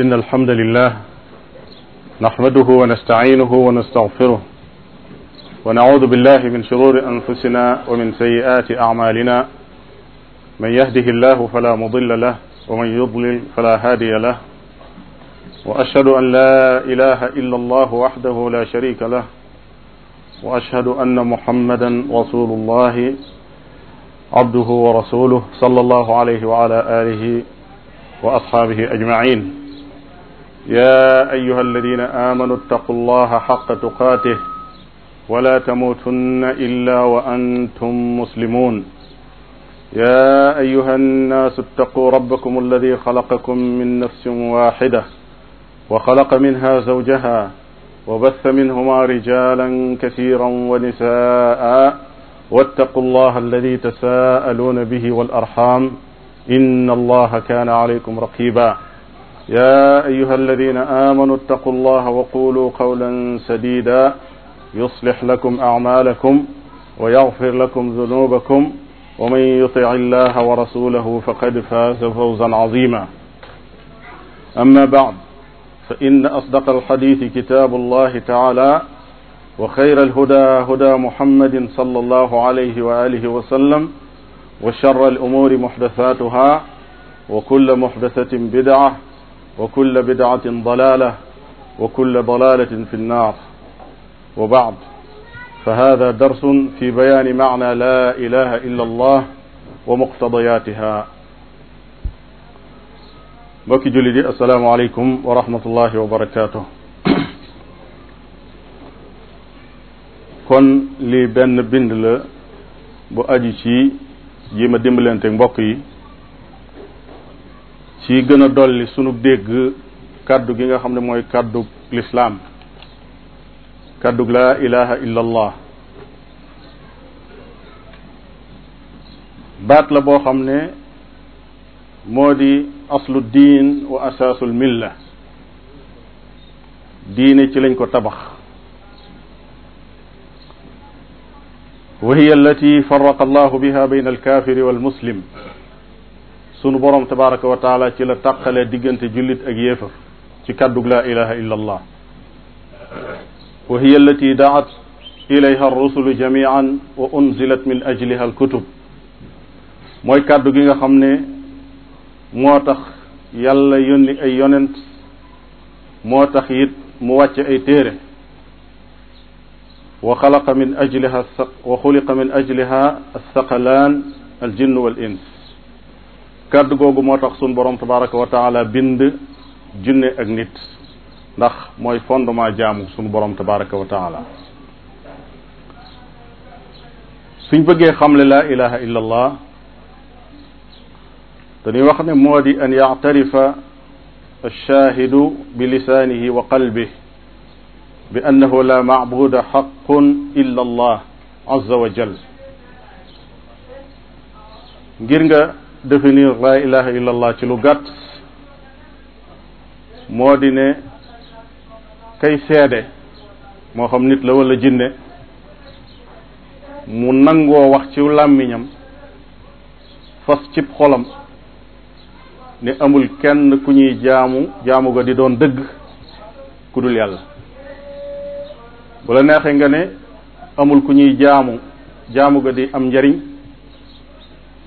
إن الحمد لله نحمده ونستعينه ونستغفره ونعوذ بالله من شرور أنفسنا ومن سيئات أعمالنا من يهده الله فلا مضل له ومن يضلل فلا هادي له وأشهد أن لا إله إلا الله وحده لا شريك له وأشهد أن محمدا رسول الله عبده ورسوله صلى الله عليه وعلى آله وأصحابه أجمعين يا أيها الذين آمنوا اتقوا الله حق تقاته ولا تموتن إلا وأنتم مسلمون يا أيها الناس اتقوا ربكم الذي خلقكم من نفس واحدة وخلق منها زوجها وبث منهما رجالا كثيرا ونساء واتقوا الله الذي تساءلون به والأرحام إن الله كان عليكم رقيبا يا أيها الذين آمنوا اتقوا الله وقولوا قولا سديدا يصلح لكم أعمالكم ويغفر لكم ذنوبكم ومن يطع الله ورسوله فقد فاز فوزا عظيما أما بعد فإن أصدق الحديث كتاب الله تعالى وخير الهدى هدى محمد صلى الله عليه وآله وسلم وشر الأمور محدثاتها وكل محدثة بدعة wa kulla bidaatin dalaala wa kulla dalaalatin fi nnaar wa baad fa hada darsun fi bayaani maana laa ilaha illa allah wa muqtadayaatiha mbokki jullit yi assalaamu aleykum wa rahmatullahi wa barakaatuh kon lii benn bind la bu aju ci jéem a dimbalante mbokk yi ci gën a dolli sunu dégg kàddu gi nga xam ne mooy kàddug lislaam kàddug laa ilaha illa allah baat la boo xam ne moodi di aslu diin wa asaasul milla diine ci lañ ko tabax wa hiya allati faraqa allahu biha bayna alkaafiri walmuslim sunu borom tabaraka wa taala ci la tàqalee diggante jullit ak yéefar ci kàddug laa ilaha illa allah wa hiya allati daat ilayha arrusulu jamian wa unzilat min ajliha alkutub mooy kàddu gi nga xam ne moo tax yàlla yónni ay yonent moo tax it mu wàcce ay téere wa xalaqa min ajliha wa xuliqa min ajliha alsaqalaan aljinn wal ins kàddu googu moo tax sun borom tabaraka wa taala bind jinne ak nit ndax mooy fondement jaamu sunu borom tabaraka wa taala suñ bëggee xamle laa ilaha illa allah dañuy wax ne moo di an yactarifa alshaahidu bi lisaanihi wa qalbih bi annahu la macbuda xaqun illa allah azza wa jal ngir nga définir la ilaha illallah ci lu gàtt moo di ne kay seede moo xam nit la walla jinne mu nangoo wax ci làmmiñam fas cib xolam ni amul kenn ku ñuy jaamu jaamu ga di doon dëgg ku dul yàlla bu la neexee nga ne amul ku ñuy jaamu jaamu ga di am njariñ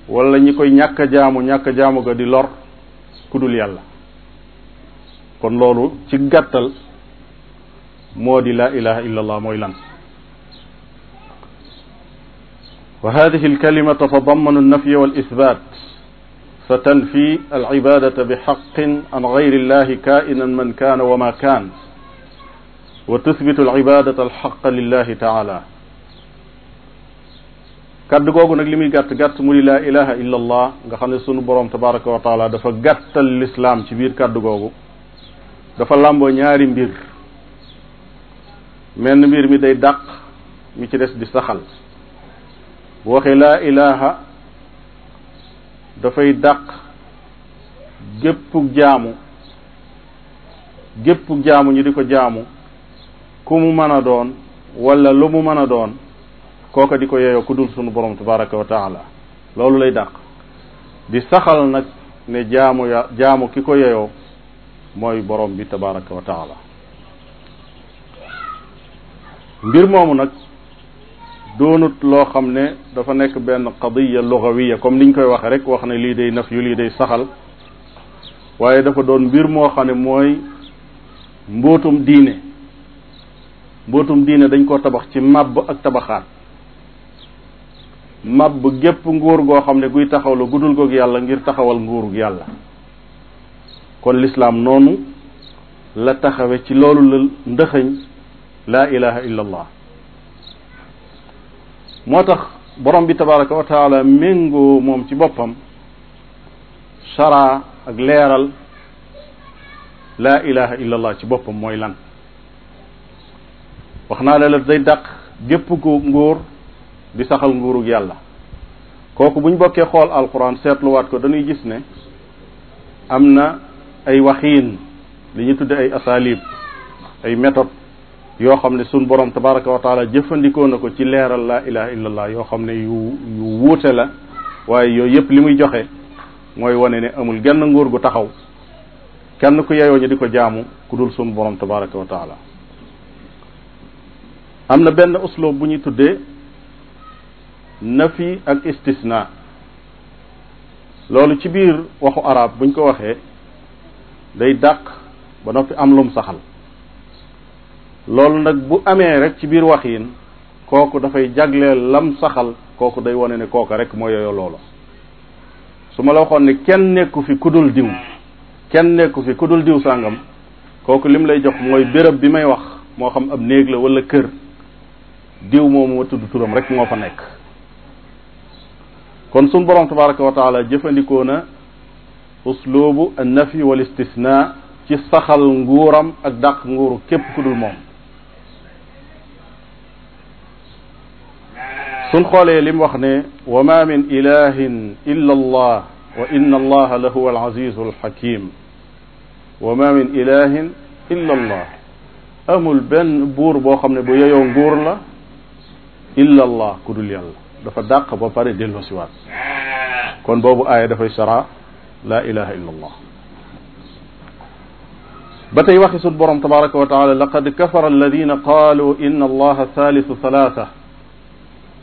wala ñi koy ñàkk a jaamu ñàkk a jaamu ga di lor ku dul yàlla kon loolu ci gàttal moo di laa ilaha illa allah mooy lan wa hadihi alkalima tatadamanu alnafya walisbat fa tanfi alibadata bixaqin an gayri illahi kainan man kana wa ma kan wa tusbitu alibadata alxaqa lillahi taala kaddu googu nag li muy gàtt gàtt mu di laa ilaha illa nga xam ne sunu borom tabaraka wa taala dafa gàttal lislaam ci biir kaddu googu dafa làmboo ñaari mbir menn mbir mi day dàq mi ci des di saxal bu waxee laa ilaha dafay dàq géppug jaamu géppug jaamu ñu di ko jaamu ku mu mën a doon walla lu mu mën a doon kooka di ko yeeyoo ku dul sunu borom tabaraka wa taala loolu lay dàq di saxal nag ne jaamu ya jaamu ki ko yeeyoo mooy borom bi tabaraka wa mbir moomu nag doonut loo xam ne dafa nekk benn qadiya lugawiya comme niñ koy waxee rek wax ne lii day naf yu lii day saxal waaye dafa doon mbir moo xam ne mooy mbootum diine mbootum diine dañ koo tabax ci màbb ak tabaxaat mab gépp nguur goo xam ne guy taxaw la gudul goog yàlla ngir taxawal nguurug yàlla kon lislaam noonu la taxawe ci loolu la ndëxëñ laa ilaha illa moo tax borom bi tabaraka wa taala méngoo moom ci boppam chara ak leeral laa ilaha illa ci boppam mooy lan wax naa la la day daq gépp ko nguur di saxal nguurug yàlla kooku bu ñu bokkee xool alquran seetluwaat ko dañuy gis ne am na ay waxiin li ñu tudde ay asalib ay méthode yoo xam ne sun borom tabaraka wa jëfandikoo na ko ci leeral laa ilaha illallah yoo xam ne yu yu wuute la waaye yooyu yëpp li muy joxe mooy wone ne amul genn nguur gu taxaw kenn ku yeyoo ñu di ko jaamu ku dul sun borom tabaraka wa am na benn usloob bu ñuy tuddee nafi ak istisna loolu ci biir waxu arab buñ ko waxee day dàq ba noppi am lum saxal loolu nag bu amee rek ci biir wax yin kooku dafay jagleel lam saxal kooku day wane ne kooka rek mooy yooyu loolu su ma la waxoon ne kenn nekku fi ku dul diw kenn nekku fi ku dul diw sàngam kooku lim lay jox mooy béréb bi may wax moo xam ab néeg la wala kër diw moomu ma tudd turam rek moo fa nekk kon suñ borom tabaraka wa taala jëfandikoo na uslubu an nafi wal istisna ci saxal nguuram ak daq nguuru képp ku dul moom suñ xoolee li wax ne wa min ilahin illa allah wa inna allaha la huwa al azizu al hakim wa min ilahin illa allah amul benn buur boo ne bu allah dafa dàq ba pare dellusiwaat kon boobu aaya dafay sara la ilaha illa allah ba tey waxi sun borom tabaraka wa taala laqad kafara alladina qaalu inna allaha thalithu thalatha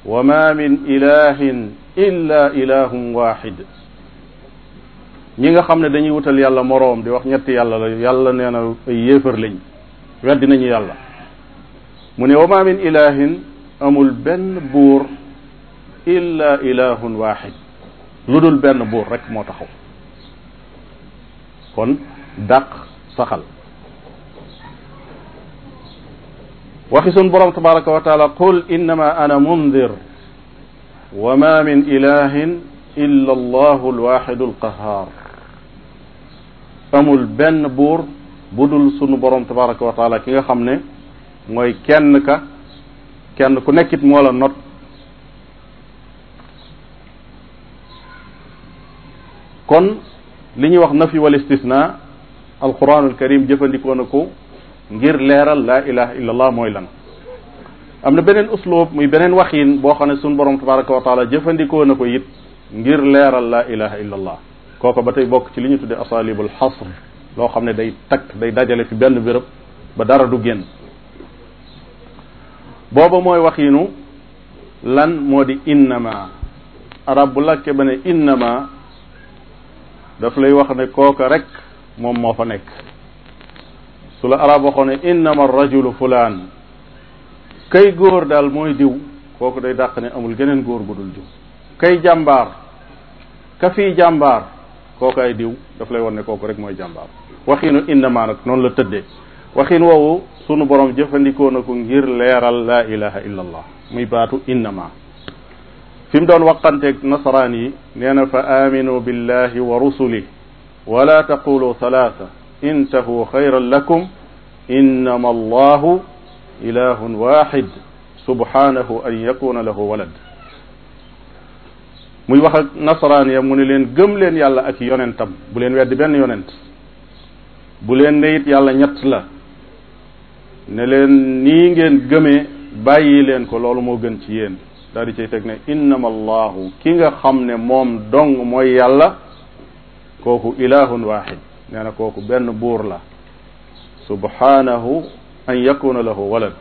wa ma min ilahin illa ilahun waxid ñi nga xam ne dañuy wutal yàlla moroom di wax ñetti yàlla la yàlla nee na ay yéefar lañ weddi nañu yàlla mu ne wa ma min ilahin amul benn buur illa ilahun wahid lu dul benn buur rek moo taxaw kon dàq saxal waxi sun borom tabaraka wa taala qul innama ana mundir wa ma min ilahin illa allahu alwaxidu alqahar amul benn buur bu dul sunu borom tabaraka wa taala ki nga xam ne mooy kenn ka kenn ku nekkit moo la not kon li ñuy wax nafi wal istisna alquranul karim jëfandikoo na ko ngir leeral laa ilaha illallah mooy lan am na beneen usloob muy beneen waxiin boo xam ne suñu borom tabaraka wa taala jëfandikoo na ko it ngir leeral la laa ilaha illallah kooko ba tey bokk ci li ñu tuddee asalibul xasr loo xam ne day takk day dajale fi benn béréb ba dara du génn booba mooy waxiinu lan moo di innama arab bu lakke ba ne innama daf lay wax ne kooka rek moom moo fa nekk su la arab waxoon ne innama rajulu fulaan kay góor daal mooy diw kooku day dàq ne amul geneen góor bu dul diw kay jàmbaar ka fii jàmbaar kooku diw daf lay wan ne kooku rek mooy jàmbaar waxiinu innama nag noonu la tëdde waxiin woowu sunu borom jëfandikoo na ko ngir leeral laa ilaha illa muy baatu innama fi mu doon waqanteeg nasaraan yi nee na fa aaminu billahi wa rusuli wala taqulu salaasa intahu xayran lakum innama allahu ilahun waxid subhanahu an yakuna lahu walad muy wax ak nasaraan mu ne leen gëm leen yàlla ak yonentam bu leen weddi benn yonent bu leen ne it yàlla ñett la ne leen nii ngeen gëmee bàyyi leen ko loolu moo gën ci yéen daal di cay teg ne innama allahu ki nga xam ne moom dong mooy yàlla kooku ilahun waxid nee kooku benn buur la subhanahu an yakuna lahu walad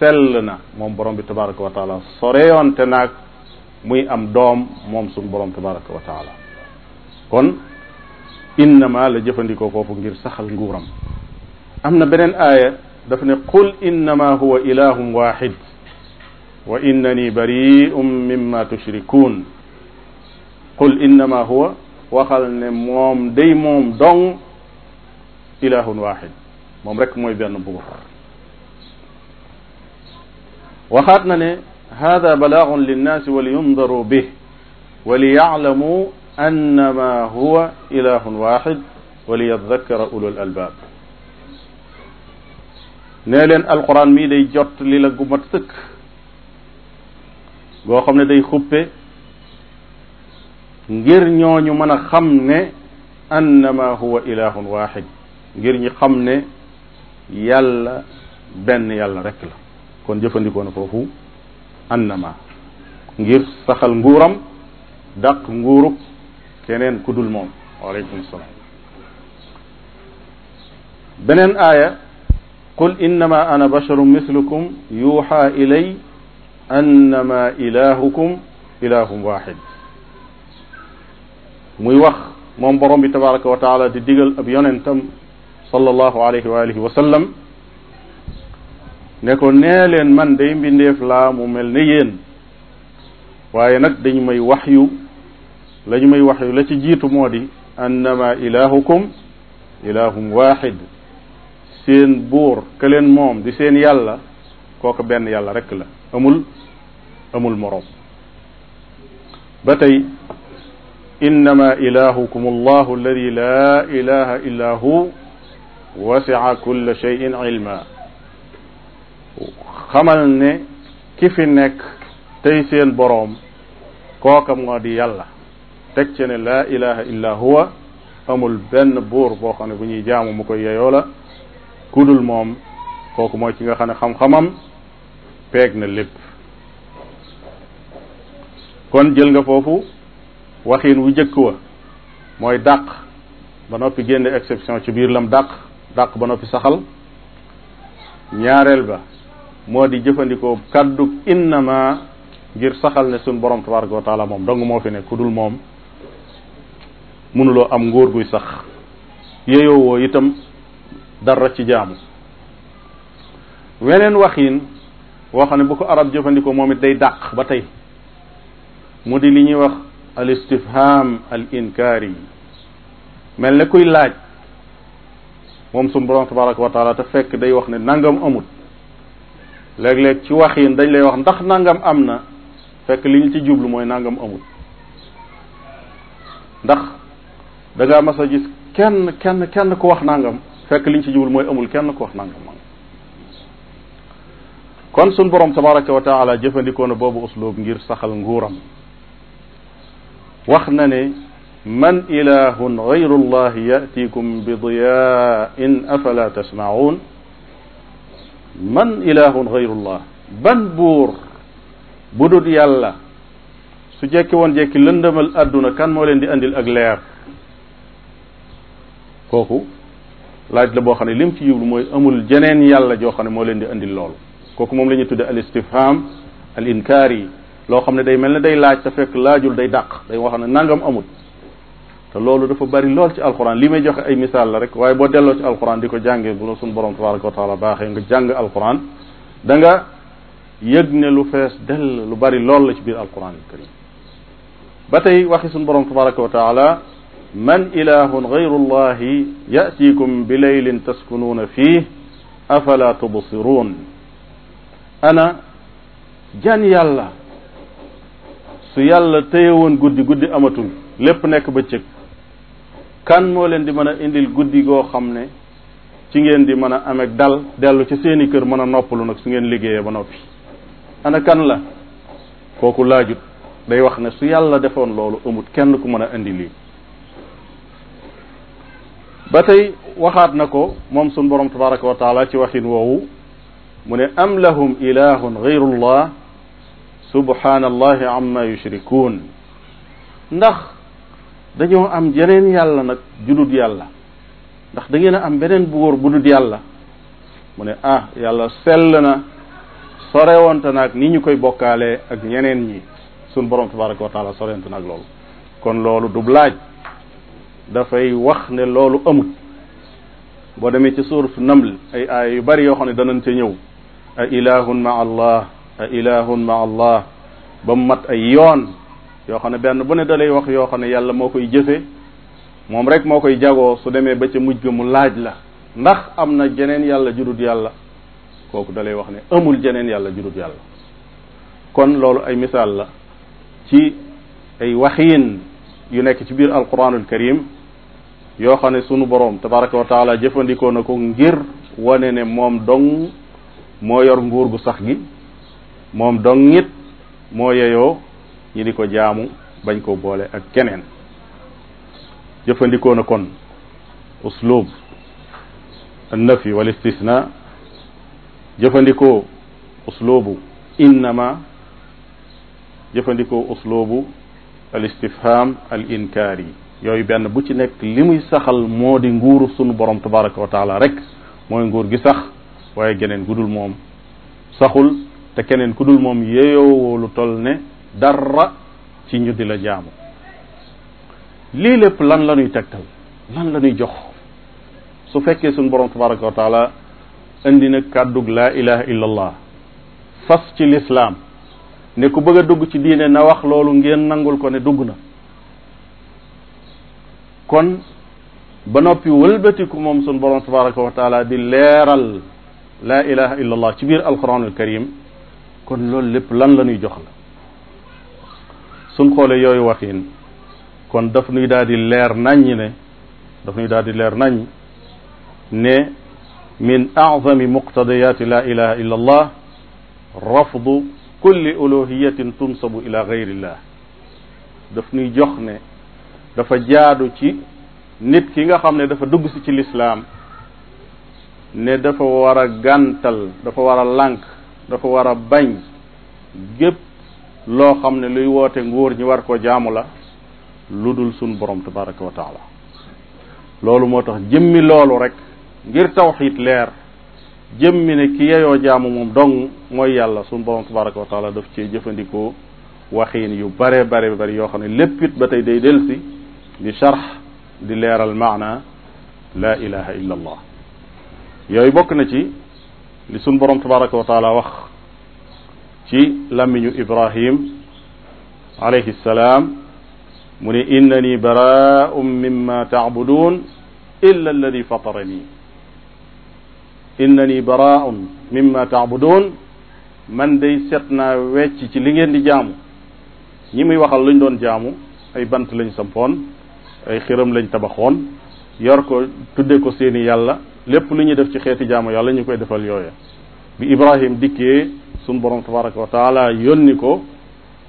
sell na moom borom bi tabaraka wa taala soreyoonte naag muy am doom moom suñu borom tabaraka wa taala kon innama la jëfandikoo foofu ngir saxal nguuram am na beneen aaya daf ne qul innama huwa ilahun waxid wa innani bari'un mimma tushrikun qul innama huwa waxal ne moom day moom dong ilahun wahid moom rek mooy benn buur waxaat na ne hada balaagun linnaasi wa liyundaru bih wa liyaclamuu annama huwa ilahun waxid wa liyadakara ulul albaab nee leen alquran mii day jot li la gu mat sëkk boo xam ne day xuppe ngir ñooñu mën a xam ne annama huwa ilahun waxid ngir ñi xam ne yàlla benn yàlla rek la kon jëfandikoo na foofu annama ngir saxal nguuram daq nguurub keneen ku dul moom waaleykum salaam beneen aaya qul innama ana basharun mislukum yuuxa ilay annama ilahukum ilahum wahid muy wax moom borom bi tabaraka wa taala di digal ab yonentam sallallahu alayhi wa alihi wa sallam ne ko nee leen man day mbindeef laa mu mel ne yéen waaye nag dañu may wax yu la ñu may wax yu la ci jiitu moo di annama ilahukum ilahum wahid seen buur ka leen moom di seen yàlla kooka benn yàlla rek la amul amul moroom ba tey innama ilahukum allahu alladi illa hu wasi'a kulla shay'in ilma xamal ne ki fi nekk tey seen boroom kooka moo di yàlla teg ci ne laa illa huwa amul benn buur boo xam ne bu ñuy jaamu mu koy yeyoo la kudul moom kooku mooy ci nga xam ne xam peeg na lépp kon jël nga foofu waxiin wu jëkk wa mooy dàq ba noppi génn exception ci biir lam dàq dàq ba noppi saxal ñaareel ba moo di jëfandikoo kàddu innama ngir saxal ne suñ borom tabaraka wa taala moom dong moo fi ne ku dul moom mënuloo am nguur guy sax yeyoowoo itam dara ci jaamu weneen waxin woo xam ne bu ko arab jëfandikoo moom it day dàq ba tey mu di li ñuy wax al istifham al inkaari mel ne kuy laaj moom suñu borom tabaraka wa taala te fekk day wax ne nangam amut léeg-léeg ci wax yi dañ lay wax ndax nangam am na fekk li ñu ci jublu mooy nangam amut ndax da ngaa mas a gis kenn kenn kenn ku wax nangam fekk li ñu ci jublu mooy amul kenn ku wax nangam kon sun borom tabaraka wa taala jëfandikoo na boobu uslub ngir saxal nguuram wax na ne man ilahun gayru llah yatikum bi diyaain afala tasmaun man ilahun gayru llah ban buur bu dul yàlla su jekki woon jekki lëndëmal adduna kan moo leen di andil ak leer kooku laaj la boo xam ne lim ci yiblu amul jeneen yàlla joo xam ne moo leen di andil loolu kooku moom la ñuy tudde al istifham al inkaar yi loo xam ne day mel ne day laaj te fekk laajul day dàq day wax ne nangam amut te loolu dafa bari lool ci alquran li may joxe ay misaal la rek waaye boo delloo ci alquran di ko jàngee bu la suñu borom tabaraka wa taala baaxee nga jàng alquran da nga yëg ne lu fees dell lu bari lool la ci biir alquran al karim ba tey waxi suñu borom tabaraka wa taala man ilahun gayru llahi yatikum bi leylin taskunuuna fiih afala tubsirun ana jan yàlla su yàlla téye woon guddi guddi amatul lépp nekk ba bëccëg kan moo leen di mën a indil guddi goo xam ne ci ngeen di mën a ameeg dal dellu ci seeni kër mën a noppalu nag su ngeen liggéeyee ba noppi ana kan la kooku laajut day wax ne su yàlla defoon loolu amut kenn ku mën a indi lii ba tey waxaat na ko moom sun borom tabaraka wa ci waxin woowu mu ne am lahum ilahun gayrullah subhanallahi amma yushrikuun ndax dañoo am jeneen yàlla nag judut yàlla ndax da ngeen am beneen buur bu dut yàlla mu ne ah yàlla sell na sorewante naag ni ñu koy bokkaalee ak ñeneen ñi sun borom tabaraka wa taala sorewante naag loolu kon loolu du laaj dafay wax ne loolu amut boo demee ci suuratu naml ay aaya yu bari yoo xam ne danañ ca ñëw a ilahun ma allah a ilahun ma allah ba mu mat ay yoon yoo xam ne benn bu ne dalay wax yoo xam ne yàlla moo koy jëfe moom rek moo koy jagoo su demee ba ca mujj ga mu laaj la ndax am na jeneen yàlla judut yàlla kooku dalay wax ne amul jeneen yàlla judut yàlla kon loolu ay misaal la ci ay waxiin yu nekk ci biir alquranul karim yoo xam ne sunu boroom tabaraka wa taala jëfandikoo na ko ngir wane ne moom dong moo yor nguur gu sax gi moom dong it moo yeyoo ñi di ko jaamu bañ ko boole ak keneen jëfandikoo na kon uslub annafi wal istisna jëfandikoo uslubu innama jëfandikoo uslubu al istifham al inkaar yi yooyu benn bu ci nekk li muy saxal moo di nguuru sunu borom tabaraka wa rek mooy nguur gi sax waaye geneen gudul moom saxul te keneen ku dul moom yeeyoo lu toll ne dara ci ñu di la jaamu lii lépp lan la ñuy tegtal lan la ñuy jox su fekkee suñ borom tabaraka wa taala indi na kàddug laa ilaha illa allah fas ci lislaam ne ku bëgg a dugg ci diine na wax loolu ngeen nangul ko ne dugg na kon ba noppi wëlbatiku moom suñu borom tabaraka wa di leeral la ilaha illa allah ci biir alquranul karim kon loolu lépp lan la ñuy jox la suñ xoolee yooyu waxin kon daf nuy daal leer naññ ne daf nuy daal di leer naññ ne min azami muqtadiyaati laa ilaha illa allah rafdu kulli uluhiyatin tunsabu ila gayrillah daf nuy jox ne dafa jaadu ci nit ki nga xam ne dafa dugg si ci lislaam ne dafa war a gàntal dafa war a lànk dafa war a bañ gépp loo xam ne luy woote nguur ñi war ko jaamu la lu dul sun borom tabaraka wa taala loolu moo tax jëmmi loolu rek ngir tawxiit leer jëmmi ne ki yeyoo jaamu moom dong mooy yàlla sun borom tabaraka wa taala daf cee jëfandikoo waxiin yu bare bare bari yoo xam ne lépp it ba tey day delsi di sharx di leeral maana la ilaha illa yooyu bokk na ci li sun borom tabaraka wax ci làmmiñu ibrahim alayhi salaam mu ne innani baraaum mimma taabudun illa alladi fatarani innani baraaum mimma taabudun man day set naa wecc ci li ngeen di jaamu ñi muy wax luñ doon jaamu ay bant lañ sampoon ay xiram lañ tabaxoon yor tudde ko seeni yàlla lépp lu ñuy def ci xeeti jaamu yàlla ñu koy defal yooya bi ibrahim dikkee suñu borom tabaraka wa taala yónni ko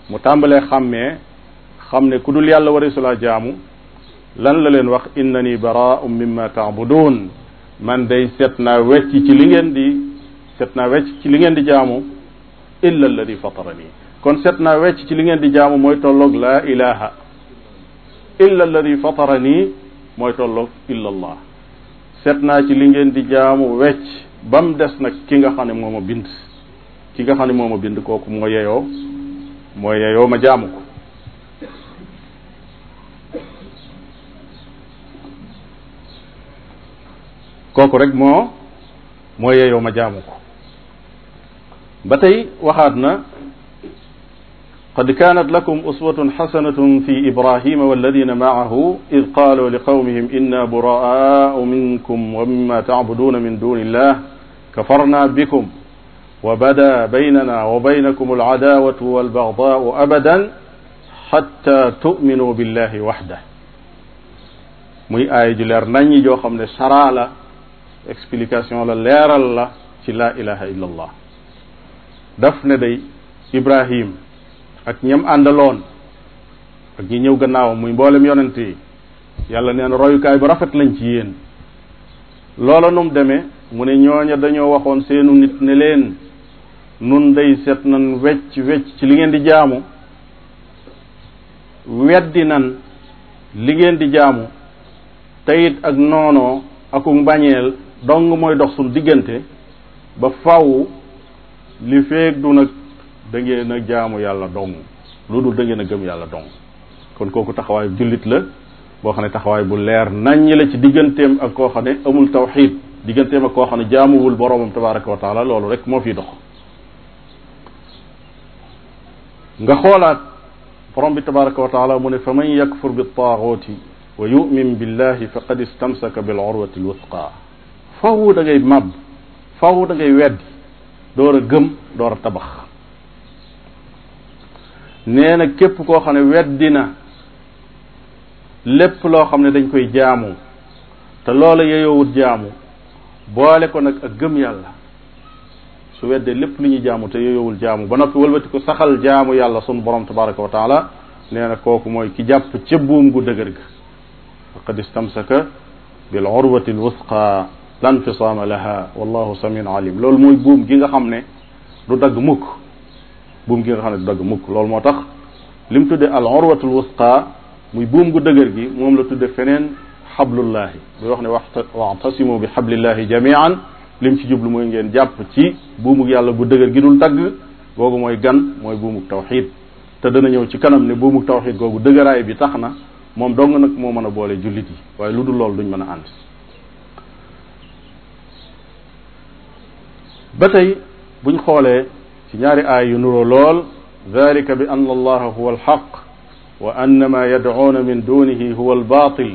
mu tàmbalee xàmmee xam ne ku dul yàlla wari sulaa jaamu lan la leen wax innani baraa'um mimma taabudun man day set naa wecc ci li ngeen di set naa wecc ci li ngeen di jaamu illa alladi fatarani kon set naa wecc ci li ngeen di jaamu mooy tolloog laa ilaha illa alladi fatarani mooy tolloog illa allah set naa ci li ngeen di jaamu wecc ba mu des nag ki nga xam ne moo ma bind ki nga xam ne moo ma bind kooku moo yeyoo moo yeyoo ma jaamu ko kooku rek moo moo yeyoo ma jaamu ko ba tey waxaat na قد كانت لكم أسوة حسنة في إبراهيم والذين معه إذ قالوا لقومهم إنا براء منكم ومما تعبدون من دون الله كفرنا بكم وبدا بيننا وبينكم العداوة والبغضاء أبدا حتى تؤمنوا بالله وحده muy aay ju leer naññi joo xam ne saraa la explication la leeral la ci laa ilaha illallah daf ne day Ibrahim ak ñem àndaloon ak ñi ñëw gannaawam muy mboolem yonent yi yàlla nee na royukaay bu rafet lañ ci yéen loola nu mu demee mu ne ñooña dañoo waxoon seenu nit ne leen nun day set nan wecc wecc ci li ngeen di jaamu weddi nan li ngeen di jaamu teyit ak noonoo aku mbañeel dong mooy dox suñ diggante ba faw li feeg du da ngeen a jaamu yàlla dong lu dul da a gëm yàlla dong kon kooku taxawaayu jullit la boo xam ne taxawaay bu leer naññi la ci digganteem a koo xam ne amul tawxid digganteem a koo xam ne jaamuwul boroomam tabaraka wa taala loolu rek moo fiy dox nga xoolaat borom bi tabaraka mu ne fa man yakfur bi taaxooti wa yumin billahi faqad istamsaka bil urwati lwusqa faw da ngay mab faw da ngay weddi door a gëm door a tabax nee na képp koo xam ne weddi na lépp loo xam ne dañ koy jaamu te loola yeyoowut jaamu boole ko nag ak gëm yàlla su weddee lépp lu ñuy jaamu te yeyoowul jaamu ba noppi wëlbati ko saxal jaamu yàlla sun borom tabaraka wa taala nee na kooku mooy ki jàpp ca buum gu dëgër ga faqad istamsaka bil urwati al wusqa lan fisaama laha wallahu samin alim loolu mooy buum gi nga xam ne du dagg mukk buum gi nga xam ne du dagg mukk loolu moo tax li mu tuddee al urwatul wusqa muy buum gu dëgër gi moom la tudde feneen xablullaahi buy wax ne waxtasimu bi xablillahi jamian lim ci jublu mooy ngeen jàpp ci buumug yàlla gu dëgër gi dul dagg googu mooy gan mooy buumug tawxid te dana ñëw ci kanam ne buumug tawxid googu dëgëraay bi tax na moom dong nag moo mën a boole jullit yi waaye lu dul loolu duñ mën a ànd ba tey buñ xoolee ñaari aay yu nuroo lool dalika bi anna allaha huwa alxaq wa anna ma yadcuuna min dunihi huwa albaatil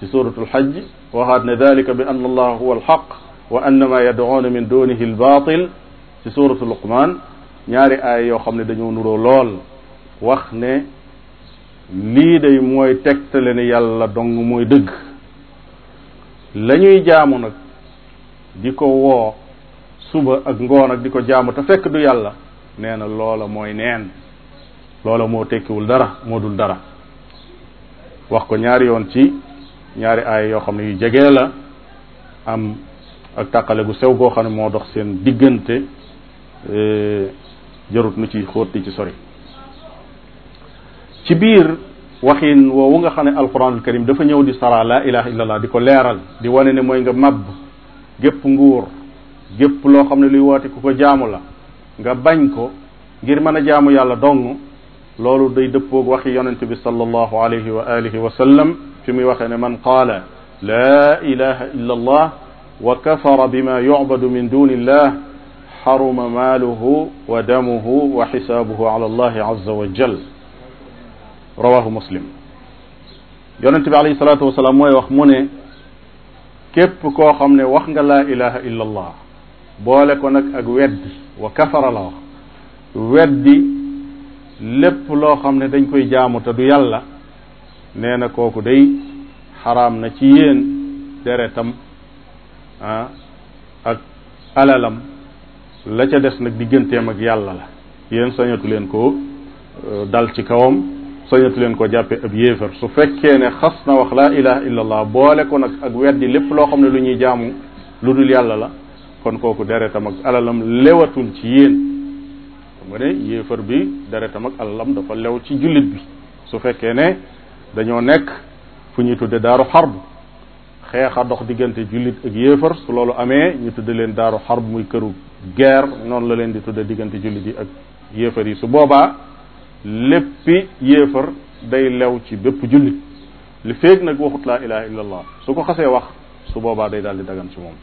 ci suratu alxajj waxaat ne dalika bi anna allaha huwa alxaq wa anna ma yadcuuna min dunihi albaatil ci suratu luqman ñaari aay yoo xam ne dañoo nuroo lool wax ne lii day mooy tegtale ne yàlla dong mooy dëgg la ñuy jaamu nag di ko woo suba ak ngoon ak di ko jaamu te fekk du yàlla nee na loola mooy neen loola moo tekkiwul dara moo dul dara wax ko ñaari yoon ci ñaari aaya yoo xam ne yu jege la am ak takkale gu sew goo xam ne moo dox seen diggante e, jarut nu ci xóot di ci sori ci biir waxin woowu nga xam ne alquranul karim dafa ñëw di sara la ilaha illallah di ko leeral di wane ne mooy nga màbb gépp nguur gépp loo xam ne luy woote ku ko jaamu la nga bañ ko ngir mën a jaamu yàlla dong loolu day dëppoog waxi yonente bi sallallahu alayhi wa alihi wa sallam fi muy waxee ne man qaala laa ilaha illa allah wa kafara bima yucbadu min duni illah xaruma maaluhu wa damuhu wa xisaabuhu ala allahi azza wa jal rawahu muslim yonente bi alayhi salatu wasalaam mooy wax mu ne képp koo xam ne wax nga laa ilaha illa allah boole ko nag ak weddi wa kafara la wax weddi lépp loo xam ne dañ koy jaamu te du yàlla nee na kooku dey xaraam na ci yéen deretam ah, ak alalam la ca des nag digganteem ak yàlla la yéen sañatu leen ko euh, dal ci kawam sañatu leen ko jàppe ab yéefar su fekkee ne xas na wax laa ilaha illa allah boole ko nag ak weddi lépp loo xam ne lu ñuy jaamu lu dul yàlla la kon kooku deretam ak alalam lewatul ci yéen xam yéefar bi deretam ak alalam dafa lew ci jullit bi su fekkee ne dañoo nekk fu ñuy tudde daaru xarb xeexa a dox diggante jullit ak yéefar su loolu amee ñu tudde leen daaru xarb muy këru guerre noonu la leen di tudde diggante jullit yi ak yéefar yi su boobaa léppi yéefar day lew ci bépp jullit li feeg nag waxut laa ilaha illallah su ko xasee wax su boobaa day daal di dagan ci moom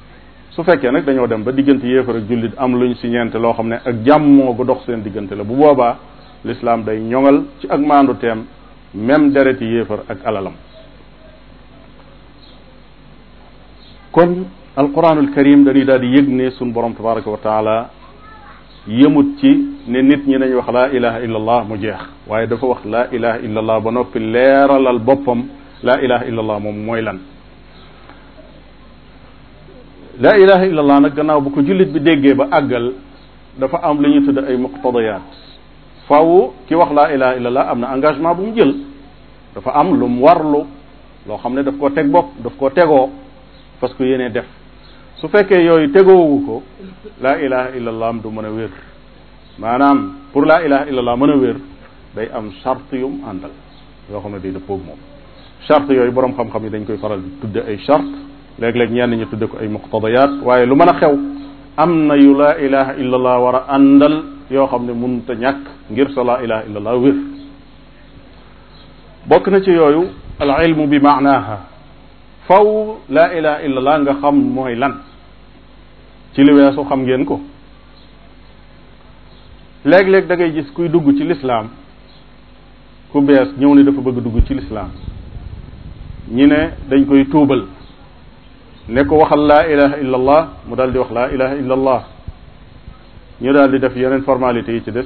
su fekkee nag dañoo dem ba diggante yéefar ak jullit am luñ si ñeente loo xam ne ak jàmmoo gu dox seen diggante la bu boobaa lislaam day ñoŋal ci ak maandu teem même dereti yéefar ak alalam kon alquranul karim dañuy daal di yëg ne suñ borom tabaraka wa taala yëmut ci ne nit ñi nañ wax laa ilaha illallah mu jeex waaye dafa wax laa ilaha illallah ba noppi leeralal boppam laa ilaha illallah moom mooy lan laa ilaha illallah nag gannaaw bu ko jullit bi déggee ba àggal dafa am lu ñuy tudd ay muqtadayaat faaw ki wax laa ilaha illallah am na engagement bu mu jël dafa am lu mu warlu loo xam ne daf koo teg bopp daf koo tegoo parce que yéene def su fekke yooyu tegoowu ko laa ilaha illallah am du mën a wér maanaam pour laa ilaha illallah mën a wér day am charte yu mu àndal yoo xam ne day dëppoog moom charte yooyu borom xam-xam yi dañ koy faral di tudde ay charte léeg-léeg ñenn ñu tudde ko ay muqtadayaat waaye lu mën a xew am na yu laa ilaha illa allah war a àndal yoo xam ne mënut a ñàkk ngir sa laa ilaha illa allah bokk na ci yooyu al ilmu bi maanaha faw laa ilaha illa allah nga xam mooy lan ci li weesu xam ngeen ko léeg-léeg da ngay gis kuy dugg ci lislaam ku bees ñëw ne dafa bëgg dugg ci lislaam ñi ne dañ koy tuubal ne ko waxal la ilaha illa allah mu daal di wax laa ilaha illa allah ñu daal di def yeneen formalité yi ci des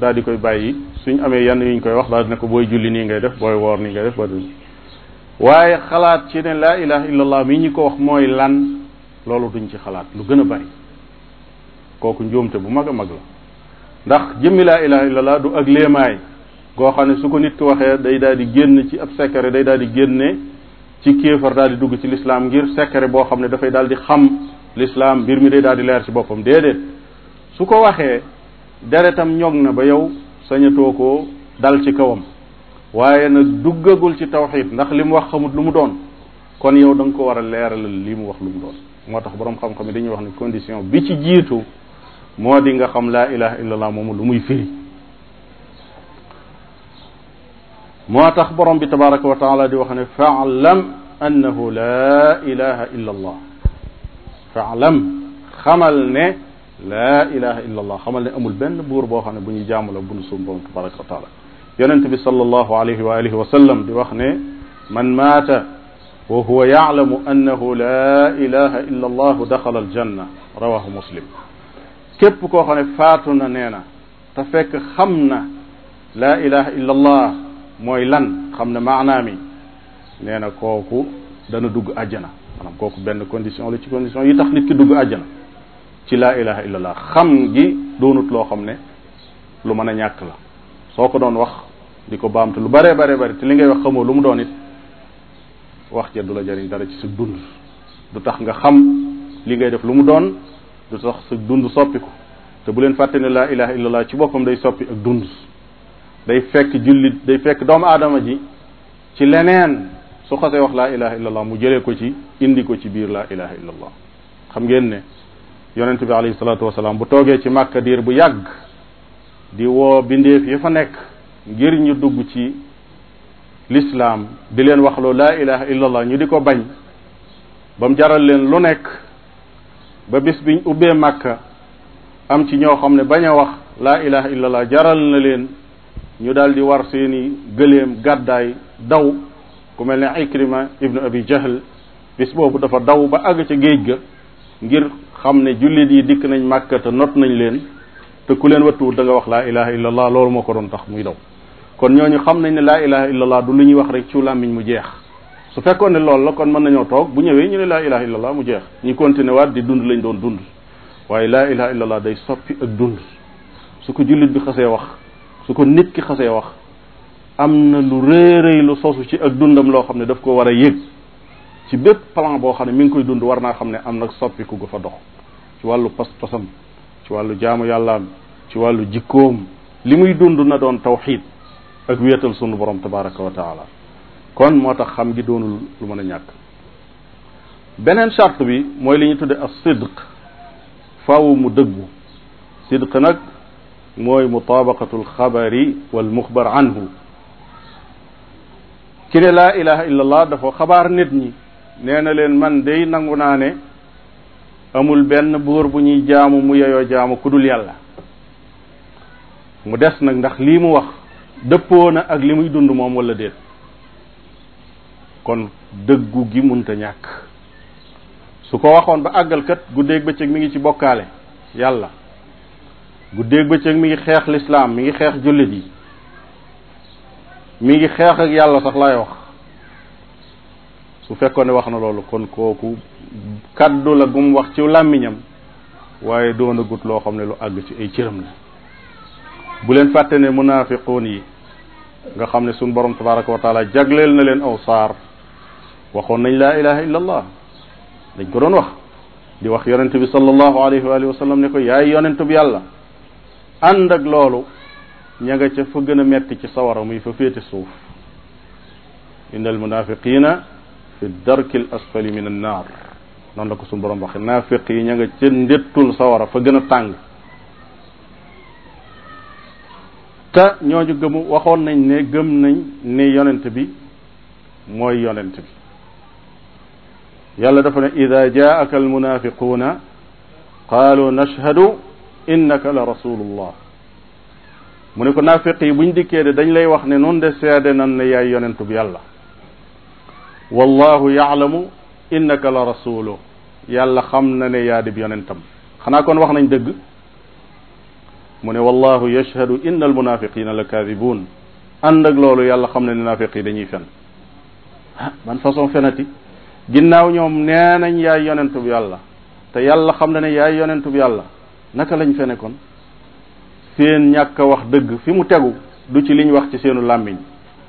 daal di koy bàyyi suñ amee yenn yuñ koy wax daal ne ko booy julli nii ngay def booy woor nii ngay def booy waaye xalaat ci ne laa ilaha ko wax mooy lan loolu duñ ci xalaat lu gën a bari kooku njuumte bu mag a mag la ndax jëmmi laa ilaha illa du ak léemaay goo xam ne su ko nit ki waxee day daal di génn ci ab secret day daal di génne ci kéefar daal di dugg ci lislaam ngir sekkare boo xam ne dafay daal di xam lislaam mbir mi day daal di leer ci boppam déedéet su ko waxee deretam ñog na ba yow sañatoo ko dal ci kawam waaye na duggagul ci tawxid ndax li mu wax xamut lu mu doon kon yow da ko war a leeral li mu wax lu mu doon moo tax borom xam-xam yi dañuy wax ne condition bi ci jiitu moo di nga xam laa ilaha illallah moomu lu muy firi moo tax borom bi tabaraka wa taala di wax ne faalam annahu laa ilaha illa allah faalam xamal ne laa ilaha illa allah xamal ne amul benn buur boo xam ne bu ñuy jaamu la bu nu suum borom tabaraka wa taala yonent bi sallallahu alayhi wa alihi wa sallam di wax ne man maata wa huwa yaalamu annahu laa ilaha illa allahu daxala aljanna rawahu muslim képp koo xam ne faatu na nee na te fekk xam na laa ilaha illa allah mooy lan xam ne maanaa mi nee na kooku dana dugg àjjana maanaam kooku benn condition la ci condition yi tax nit ki dugg àjjana ci laa ilaha illallah xam gi doonut loo xam ne lu mën a ñàkk la soo ko doon wax di ko baamtu lu bare bare bare te li ngay wax xamoo lu mu doon it wax ja du la jariñ dara ci sa dund du tax nga xam li ngay def lu mu doon du tax sa dund soppi soppiku te bu leen fàtte ne laa ilaha illallah ci boppam day soppi ak dund day fekk jullit day fekk doomu aadama ji ci leneen su xasee wax laa ilaha illallah mu jëlee ko ci indi ko ci biir laa ilaha illallah xam ngeen ne yonente bi alayhi salatu wasalaam bu toogee ci màkka diir bu yàgg di woo bindeef yi fa nekk ngir ñu dugg ci lislaam di leen waxloo laa ilaha illallah ñu di ko bañ bam jaral leen lu nekk ba bis biñ ubbee màkka am ci ñoo xam ne bañ a wax laa ilaha illallah jaral na leen ñu daal di war seeni gëléem gàddaay daw ku mel ne Ikrima ibnu Abi Jahl bis boobu dafa daw ba àgg ca géej ga ngir xam ne jullit yi dikk nañ Màkka te not nañ leen te ku leen wattuwut da nga wax laa ilaha illallah loolu moo ko doon tax muy daw kon ñooñu xam nañ ne laa ilaha illallah du lu ñuy wax rek ci làmmiñ mu jeex su fekkoon ne loolu la kon mën nañoo toog bu ñëwee ñu ne laa ilaha illallah mu jeex ñu continué waat di dund lañ doon dund waaye laa ilaha illallah day soppi ak dund su ko jullit bi xasee wax su ko nit ki xasee wax am na lu réeréy lu sosu ci ak dundam loo xam ne daf ko war a yëg ci bépp plan boo xam ne mi ngi koy dund war naa xam ne am nag soppiku gu fa dox ci wàllu pas-pasam ci wàllu jaamu yàllaam ci wàllu jikkoom li muy dund na doon tawxid ak wéetal sunu borom tabaraka wa kon moo tax xam gi doonu lu mën a ñàkk beneen charte bi mooy li ñu tudde as sidq faaw mu dëggu sidq nag mooy mutabaqatul xabari wal muxbar anhu ci ne laa ilaha illallah dafa xabaar nit ñi nee na leen man dey nangu naa ne amul benn buur bu ñuy jaamu mu yeyoo jaamu ku dul yàlla mu des nag ndax lii mu wax dëppoo na ak li muy dund moom wala déet kon dëggu gi munta ñàkk su ko waxoon ba àggal kat guddeeg bëccëg mi ngi ci bokkaale yàlla guddeeg bëccëg mi ngi xeex lislaam mi ngi xeex jullit yi mi ngi xeex ak yàlla sax laay wax su fekkoon ne wax na loolu kon kooku kaddu la mu wax ci làmmiñam waaye doon a gut loo xam ne lu àgg ci ay cëram la bu leen fàtte ne munaafiquun yi nga xam ne suñ borom tabaraka wa taala jagleel na leen aw saar waxoon nañ laa ilaha illa allah dañ ko doon wax di wax yonent bi sallallahu alayhi wa alihi wa sallam ne ko yaay yonentub yàlla ànd ak loolu ña nga ca fa gën a metti ci sawara muy fa féete suuf inna almunafiqina fi darki al min an naar la ko suñu borom waxe naafiq yi ña nga ca ndéttul sawara fa gën a tàng te ñooñu gëmu waxoon nañ ne gëm nañ ne yonent bi mooy yonent bi yàlla dafa ne ida jaaka almunafiquna qaalu nashhadu innaka la rasulullah mu ne ko naafiq yi buñ dikkee de dañ lay wax ne nun de seede nan ne yaay yonentub yàlla wallahu yaalamu innaka la rasulu yàlla xam na ne yaa dib yonentam xanaa kon wax nañ dëgg mu ne wallahu yashhadu inna almunafiqina la kadibun ànd ak loolu yàlla xam na ne naafiq dañuy fen ah man fason fenati ginnaaw ñoom nee nañ yaay yonentub yàlla te yàlla xam na ne yaay yonentub yàlla naka lañ fe nekkoon seen ñàkk wax dëgg fi mu tegu du ci liñ wax ci seenu làmmiñ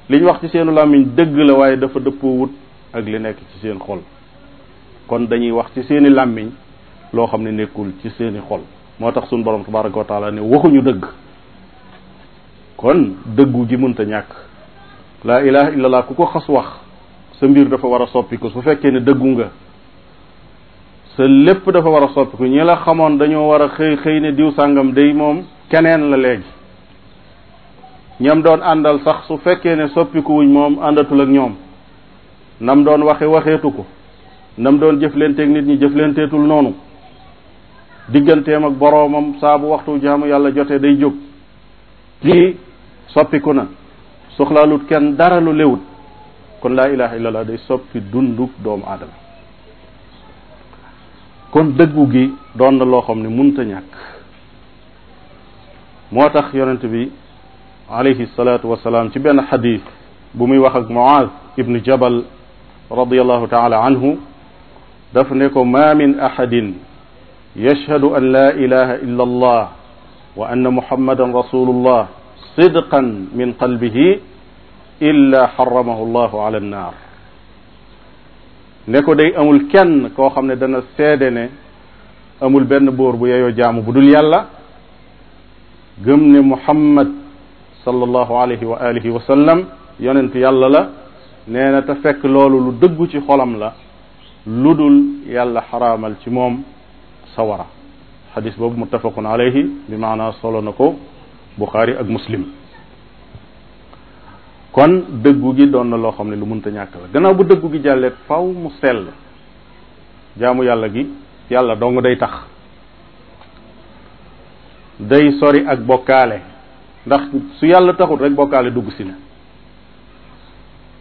liñ wax ci seenu làmmiñ dëgg la waaye dafa dëppoo wut ak li nekk ci seen xol kon dañuy wax ci seeni làmmiñ loo xam ne nekkul ci seeni xol moo tax suñu borom tabaraka wa taala ne waxuñu dëgg kon dëggu gi mënta ñàkk laa ilaha illallah ku ko xas wax sa mbir dafa war a soppi ko su fekkee ne dëggu nga sa lépp dafa war a soppiku ñi la xamoon dañoo war a xëy xëy ne diw sàngam day moom keneen la léegi ñam doon àndal sax su fekkee ne soppiku moom àndatul ak ñoom nam doon waxe waxeetu ko nam doon jëflanteeg nit ñi jëflanteetul noonu digganteem ak boroomam saabu waxtu jaamu yàlla jote day jóg kii soppiku na soxlaalut kenn dara lu lewut kon laa ilaha illallah day soppi dundub doomu aadama kon dëggu gi doon na loo xam ne munta ñàkk moo tax yonent bi alayhi salaatu wasalaam ci benn xadis bu muy wax ak Muaz ibnu Jabal radiallahu taala anhu daf ne ko ma min axadin yashhadu an la ilaha illa allah wa anna muhammadan rasulullah sidqan min qalbihi illa xaramahu allahu ala annar ne ko day amul kenn koo xam ne dana seede ne amul benn buur bu yeyoo jaamu bu dul yàlla gëm ne muhammad sallallahu alayhi wa alihi wa sallam yonent yàlla la nee na te fekk loolu lu dëggu ci xolam la lu dul yàlla xaraamal ci moom sawara xadis boobu muttafaqun alayhi bi maanaa solo na ko buxaari ak muslim kon dëggu gi doon na loo xam ne lu mënta ñàkk la gannaaw bu dëggu gi jàlleet faw mu sell jaamu yàlla gi yàlla dong day tax day sori ak bokkaale ndax su yàlla taxut rek bokkaale dugg si na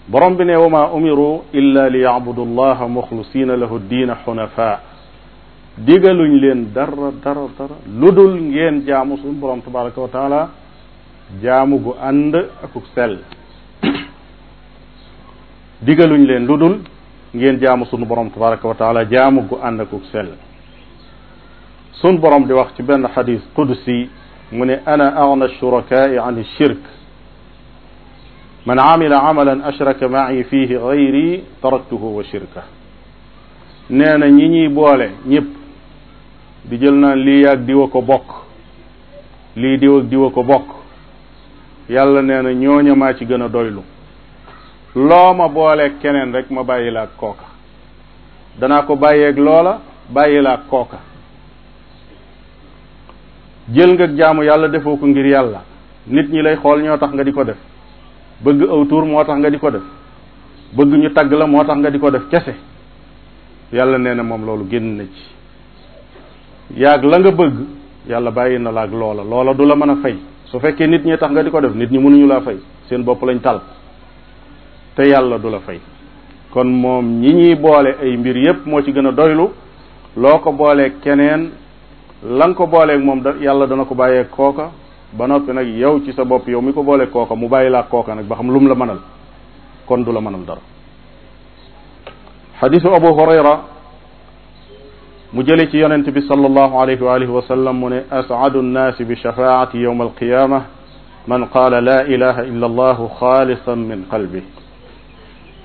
borom bi ne wa ma umiru illa li yabudu allaha muxlisina lahu diina xunafa digaluñ leen dara dara dara lu dul ngeen jaamu suñu borom tabaraka wa taala jaamu gu ànd akuk sell digaluñ leen lu dul ngeen jaamu sunu borom tabaraka wa taala jaamu gu ànd ak sell sun di wax ci benn xadis qudsi mu ne ana agna shurakaai an shirk man amila amalan ashraka maci fihi gayri taraktuhu wa shirka nee na ñi ñuy boole ñëpp di jël naan lii yaag diwa ko bokk lii diw ak ko bokk yàlla nee na ñooña maa ci gën a doylu loo ma booleeg keneen rek ma bàyyi laa kooka danaa ko bàyyeek loola bàyyi laa kooka jël nga jaamu yàlla defoo ko ngir yàlla nit ñi lay xool ñoo tax nga di ko def bëgg aw tur moo tax nga di ko def bëgg ñu tagg la moo tax nga di ko def kese yàlla nee na moom loolu génn na ci yaag la nga bëgg yàlla bàyyi na la ak loola loola du la mën a fay su fekkee nit ñi tax nga di ko def nit ñi mënuñu laa fay seen bopp lañ tal te yàlla du la fay kon moom ñi ñuy boole ay mbir yépp moo ci gën a doylu loo ko booleeg keneen la ko boole moom da yàlla dana ko bàyyeeg kooka ba noppi nag yow ci sa bopp yow mi ko boole kooka mu bàyyi laa kooka nag ba xam lu mu la mënal kon du la mënal dara xadisu abu hurayra mu jële ci yonent bi sallallahu alayhi wa mu ne asaadu nnaasi bi shafaati yowma alqiyama man qaala la ilaha illa allahu xaalisan min qalbi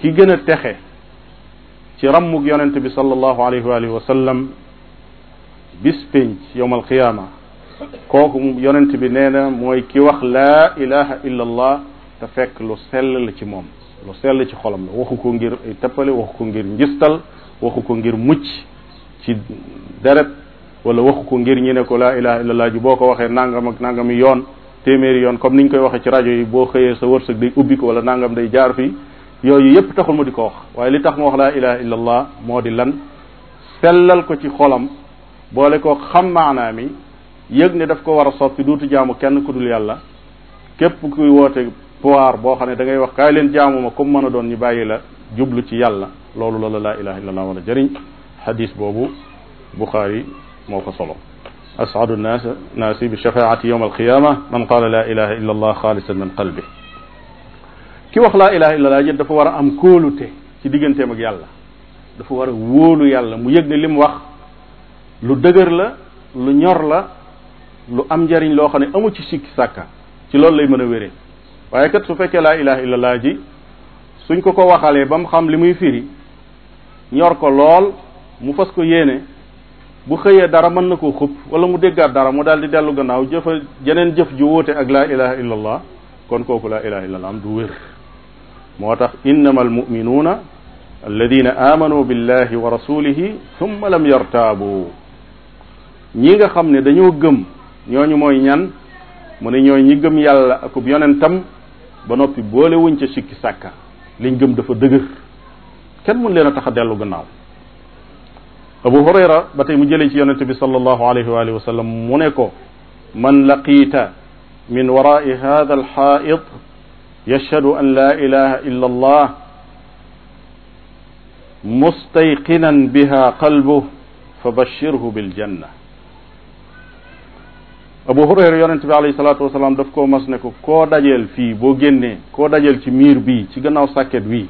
ki gën a texe ci rammug yonente bi sallallahu alayhi wa alihi wa sallam bis pénc yowm alqiyaama kooku yonent bi nee na mooy ki wax la ilaha illa allah te fekk lu sell la ci moom lu sell ci xolam la waxu ko ngir ay tappale waxu ko ngir njistal waxu ko ngir mucc ci deret wala waxu ko ngir ñi ne ko laa ilaha illallah ji boo ko waxee nangam ak nangami yoon téeméeri yoon comme niñ koy waxee ci rajo yi boo xëyee sa wërsëg day ubbi ko wala nangam day jaar fii yooyu yépp taxul mu di ko waaye li tax mu wax laa ilaha illa allah moo di lan sellal ko ci xolam boole ko xam maanaa mi ne daf ko war a soppi duutu jaamu kenn ku dul yàlla képp kuy woote pouvoir boo xam ne da wax kaay leen jaamu ma comme mën a doon ñu bàyyi la jublu ci yàlla loolu la la laa ilaha illa allah wala jëriñ xadis boobu buxaari moo ko solo asadu naas naasi bi shafaati yowm alqiyama man qaala laa ilaha illa allah xaalisan min qalbi ki wax laa ilaha illallah ji dafa war a am kóolute ci digganteem ak yàlla dafa war a wóolu yàlla mu yëg ne li mu wax lu dëgër la lu ñor la lu am njariñ loo xam ne amu ci sikki sàkka ci loolu lay mën a wéree waaye kat su fekkee laa ilaha illallah ji suñ ko ko waxalee ba mu xam li muy firi ñor ko lool mu fas ko yéene bu xëyee dara mën na koo xub wala mu déggaat dara mu daal di dellu gannaaw jëfa jeneen jëf ju wóote ak laa ilaha illallah kon kooku laa ilaha illallah am du wér moo tax innama almuminuuna alladina amanu billahi wa rasulihi summa lam yartaabu ñi nga xam ne dañu gëm ñooñu mooy ñan mu ne ñooy ñi gëm yàlla akub yonentam ba noppi boole wuñ ca sikki sàkka liñ gëm dafa dëgër kenn mun leen a tax a dellu gannaaw abu hurayra ba tey mu jëlee ci yonente bi sallallahu alayhi wa alihi wa mu ne ko man laqiita min waraai hada alxaid yashhadu an laa ilaha illa allah mustayqinan biha qalbuhu fa bashirhu biljanna abu hurayra yonente bi alayhi salaatu wasalaam daf koo mas ne ko koo dajeel fii boo génnee koo dajeel ci miir bii ci gannaaw sàkket bii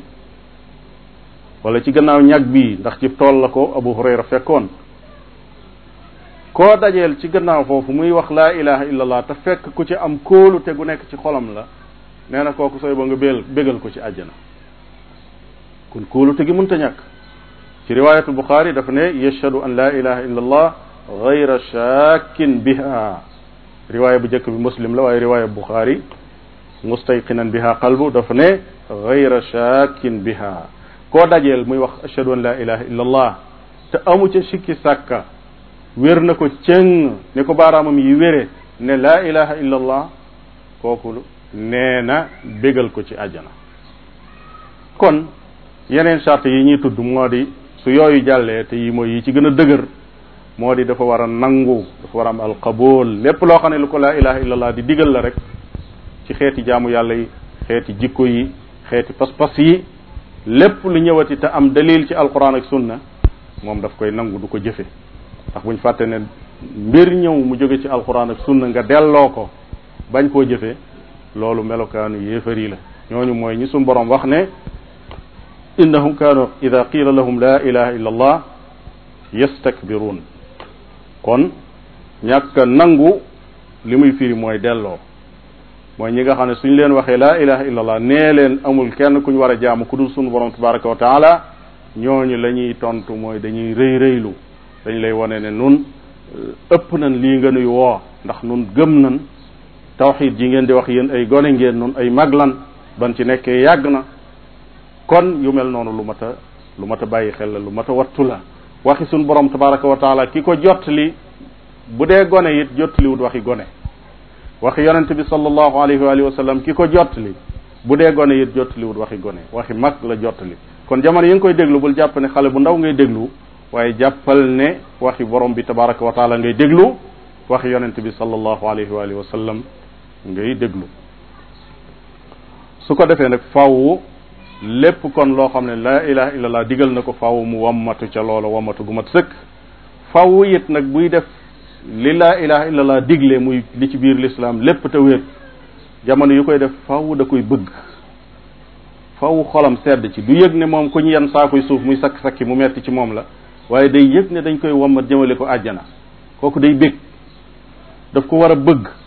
wala ci gannaaw ñag bii ndax ci tool la ko abu hurayra fekkoon koo dajeel ci gannaaw foofu muy wax laa ilaha illa allah te fekk ku ci am kóolu te gu nekk ci xolam la nee na kooku sooy ba nga béel bégal ko ci àjjana kon kóolute gi mënta ñàkk ci riwaayatul buxaari dafa ne yashhadu an la ilaha illa allah gayra shakkin biha riwaaya bu njëkk bi muslim la waaye riwaaya bu buxaari mustayqinan biha qalbu dafa ne gayra shakkin biha koo dajeel muy wax ashhadu an la ilaha illa allah te amu ca sikki sàkka wér na ko cëng ni ko baaraamam yi wére ne laa ilaha illa allah kooku nee na bégal ko ci àjjana kon yeneen charte yi ñuy tudd moo di su yooyu jàllee te yi mooy yi ci gën a dëgër moo di dafa war a nangu dafa war a am alqabool lépp loo xam ne lu ko laa ilaha illallah di digal la rek ci xeeti jaamu yàlla yi xeeti jikko yi xeeti pas-pas yi lépp lu ñëwati te am dalil ci alquran ak sunna moom daf koy nangu du ko jëfe ndax buñ fàtte ne mbir ñëw mu jóge ci alquran ak sunna nga delloo ko bañ koo jëfe loolu melokaanu yéefar yi la ñooñu mooy ñi suñu boroom wax ne innahum kaanu ida qiila lahum la ilaha illa allah yastakbiruun kon ñàkk nangu li muy firi mooy delloo mooy ñi nga xam ne suñ leen waxee laa ilaha illa allah nee leen amul kenn kuñ war a jaamu ku dul suñu borom tabaraka wa taala ñooñu la ñuy tontu mooy dañuy rëy rëylu dañ lay wone ne nun ëpp nañ lii nga nuy woo ndax nun gëm nañ tawxid ji ngeen di wax yéen ay gone ngeen noonu ay mag lan ban ci nekkee yàgg na kon yu mel noonu lu mat a lu mat a bàyyi xel la lu mat a wattu la waxi suñ borom tabaraka wa taala ki ko jottali bu dee gone it jottaliwut waxi gone waxi yonente bi sallallahu alayhi wa sallam ki ko jottali bu dee gone it jottaliwut waxi gone waxi mag la jottali kon jamono yi nga koy déglu bul jàpp ne xale bu ndaw ngay déglu waaye jàppal ne waxi borom bi tabaraka wa taala déglu waxi yonente bi sallallahu alayhi wa sallam ngay déglu su ko defee nag faaw lépp kon loo xam ne laa ilaha illallah digal na ko faaw mu wammatu ca loola womatu gu mat sëkk faaw it nag buy def li laa ilaha illallah digle muy li ci biir lislaam lépp te wéet jamono yu koy def fawwu da koy bëgg faaw xolam sedd ci du yëg ne moom ku ñu yan saakoy suuf muy sakk-sakki mu metti ci moom la waaye day yëg ne dañ koy wammat jëmale ko àjjana kooku day bég daf ko war a bëgg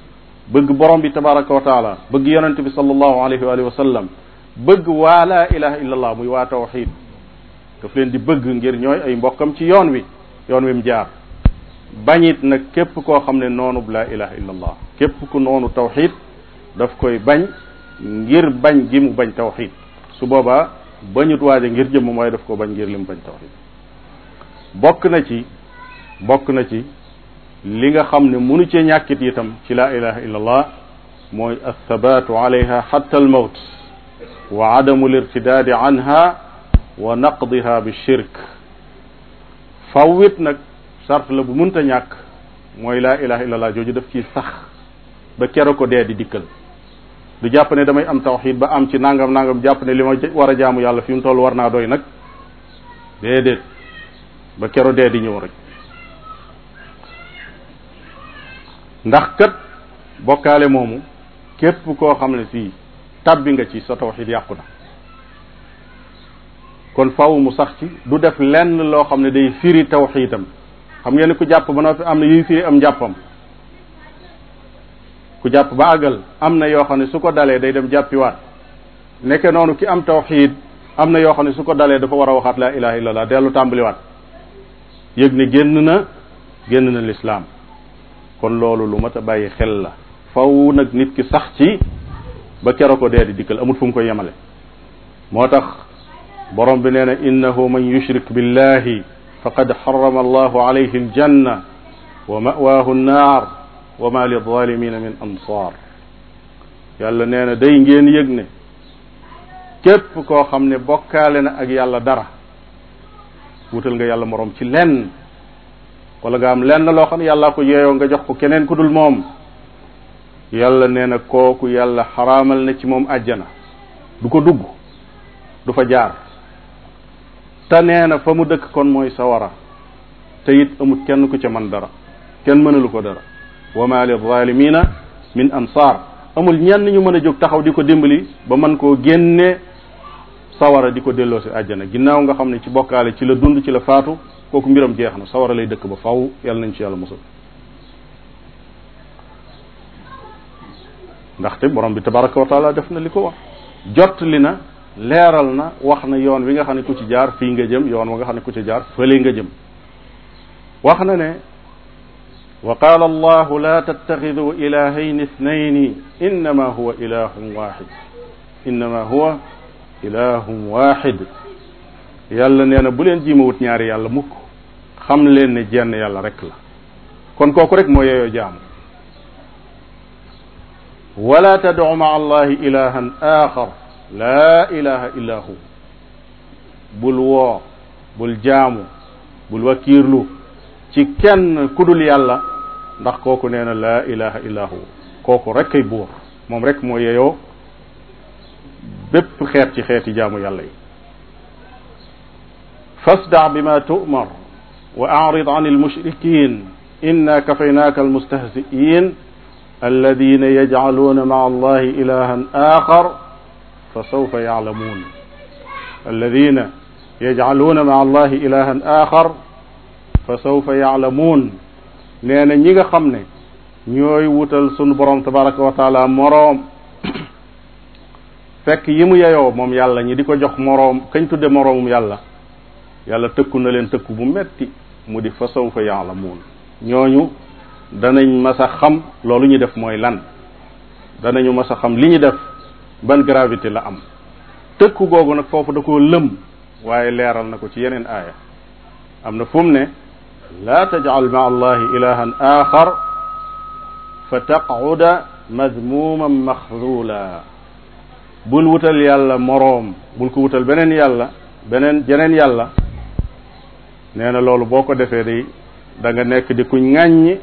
bëgg borom bi tabaraka wa taala bëgg yonente bi salallahu alayhi wa alihi wa sallam bëgg waa laa ilaha illa muy waa tawxid daf leen di bëgg ngir ñooy ay mbokkam ci yoon wi yoon wi mu jaar bañit nag képp koo xam ne noonub laa ilaha illa képp ku noonu tawxid daf koy bañ ngir bañ gi mu bañ tawxid su boobaa bañut waaje ngir jëmm mooy daf ko bañ ngir li mu bañ tawxid bokk na ci bokk na ci li nga xam ne munu cee ñàkkit itam ci la ilaha illa allah mooy alsabaatu alayha xatta almawt wa adamu lirtidaadi anha wa naqdiha nag sart la bu munta ñàkk mooy laa ilaha illa allah jooju daf sax ba kero ko di dikkal du jàpp ne damay am tawxid ba am ci nangam nangam jàpp ne li ma war a jaamu yàlla fi mu toll war naa doy nag ba kero dee di ñëw ndax kët bokkaale moomu képp koo xam ne si tàbbi nga ci sa tawxid yàqu na kon faaw mu sax ci du def lenn loo xam ne day firi tawxidam xam ngeen ku jàpp ba noppi am na yuy firi am njàppam ku jàpp ba àggal am na yoo xam ne su ko dalee day dem jàppiwaat nekke noonu ki am tawxid am na yoo xam ne su ko dalee dafa war a waxaat laa ilaha illallah dellu tàmbaliwaat yëg ne génn na génn na lislaam kon loolu lu mat a bàyyi xel la faw nag nit ki sax ci ba kero ko dee di dikkal amul fu mu ko yemale moo tax borom bi nee na innahu man yushrik billahi faqad xarama allahu alayhi aljanna wa mawaahu annaar wa ma lizalimina min ansaar yàlla nee na day ngeen yëg ne képp koo xam ne bokkaale na ak yàlla dara wutal nga yàlla moroom ci lenn wala nga am lenn loo xam yàllaa ko yeeyoo nga jox ko keneen ku dul moom yàlla nee na kooku yàlla xaraamal na ci moom àjjana du ko dugg du fa jaar te nee na fa mu dëkk kon mooy sawara te it amut kenn ku ca man dara kenn mënalu ko dara wa ma li zalimina min ansaar amul ñenn ñu mën a jóg taxaw di ko dimbali ba mën koo génne sawara di ko delloo si àjjana ginnaaw nga xam ne ci bokkaale ci la dund ci la faatu kooku mbiram jeex na sawara lay dëkk ba faw yàlla nañ ci yàlla mosal ndaxte borom bi tabaraka wa taala def na li ko wax jot li na leeral na wax na yoon wi nga xam ne ku ci jaar fii nga jëm yoon wa nga xam ne ku ci jaar fële nga jëm wax na ne wa qaala allahu la tattaxidu ilahayni ithnayni innama huwa ilahun waxid innama huwa ilahun waxid yàlla nee na bu leen jiima wut ñaari yàlla mukk xam leen ne jenn yàlla rek la kon kooku rek mooy yeyoo jaamu wala tad'u maa allahi ilahan axar laa ilaha illa hu bul woo bul jaamu bul wakiirlu ci kenn kudul yàlla ndax kooku nee laa ilaha illa hu kooku rek kay buur moom rek moo yeyoo bépp xeet ci xeeti jaamu yàlla yi fasda bima tu'mar wa a'rid an almushrikin inna kafaynaaka almustahzi'in alladina yajcaluuna ma'a allahi ilahan axar fa sawfa yaclamuun alladina yajcaluuna ma'a allahi ilahan axar fa sawfa yaclamuun nee na ñi nga xam ne ñooy wutal sunu borom tabaraka wa taala moroom fekk yi mu yeyoo moom yàlla ñi di ko jox moroom kañ tudde moroomum yàlla yàlla tëkku na leen tëkku bu metti mu di fa sawfa yaalamuun ñooñu danañ mas xam loolu ñu def mooy lan danañu mas a xam li ñu def ban gravité la am tëkku googu nag foofu da koo lëm waaye leeral na ko ci yeneen aaya am na fu mu ne laa tajcal maa allahi ilahan axar fa taqcuda madmuuman maxzula bul wutal yàlla moroom bul ko wutal beneen yàlla beneen jeneen yàlla nee na loolu boo ko defee day da nekk di kuñ ŋàññi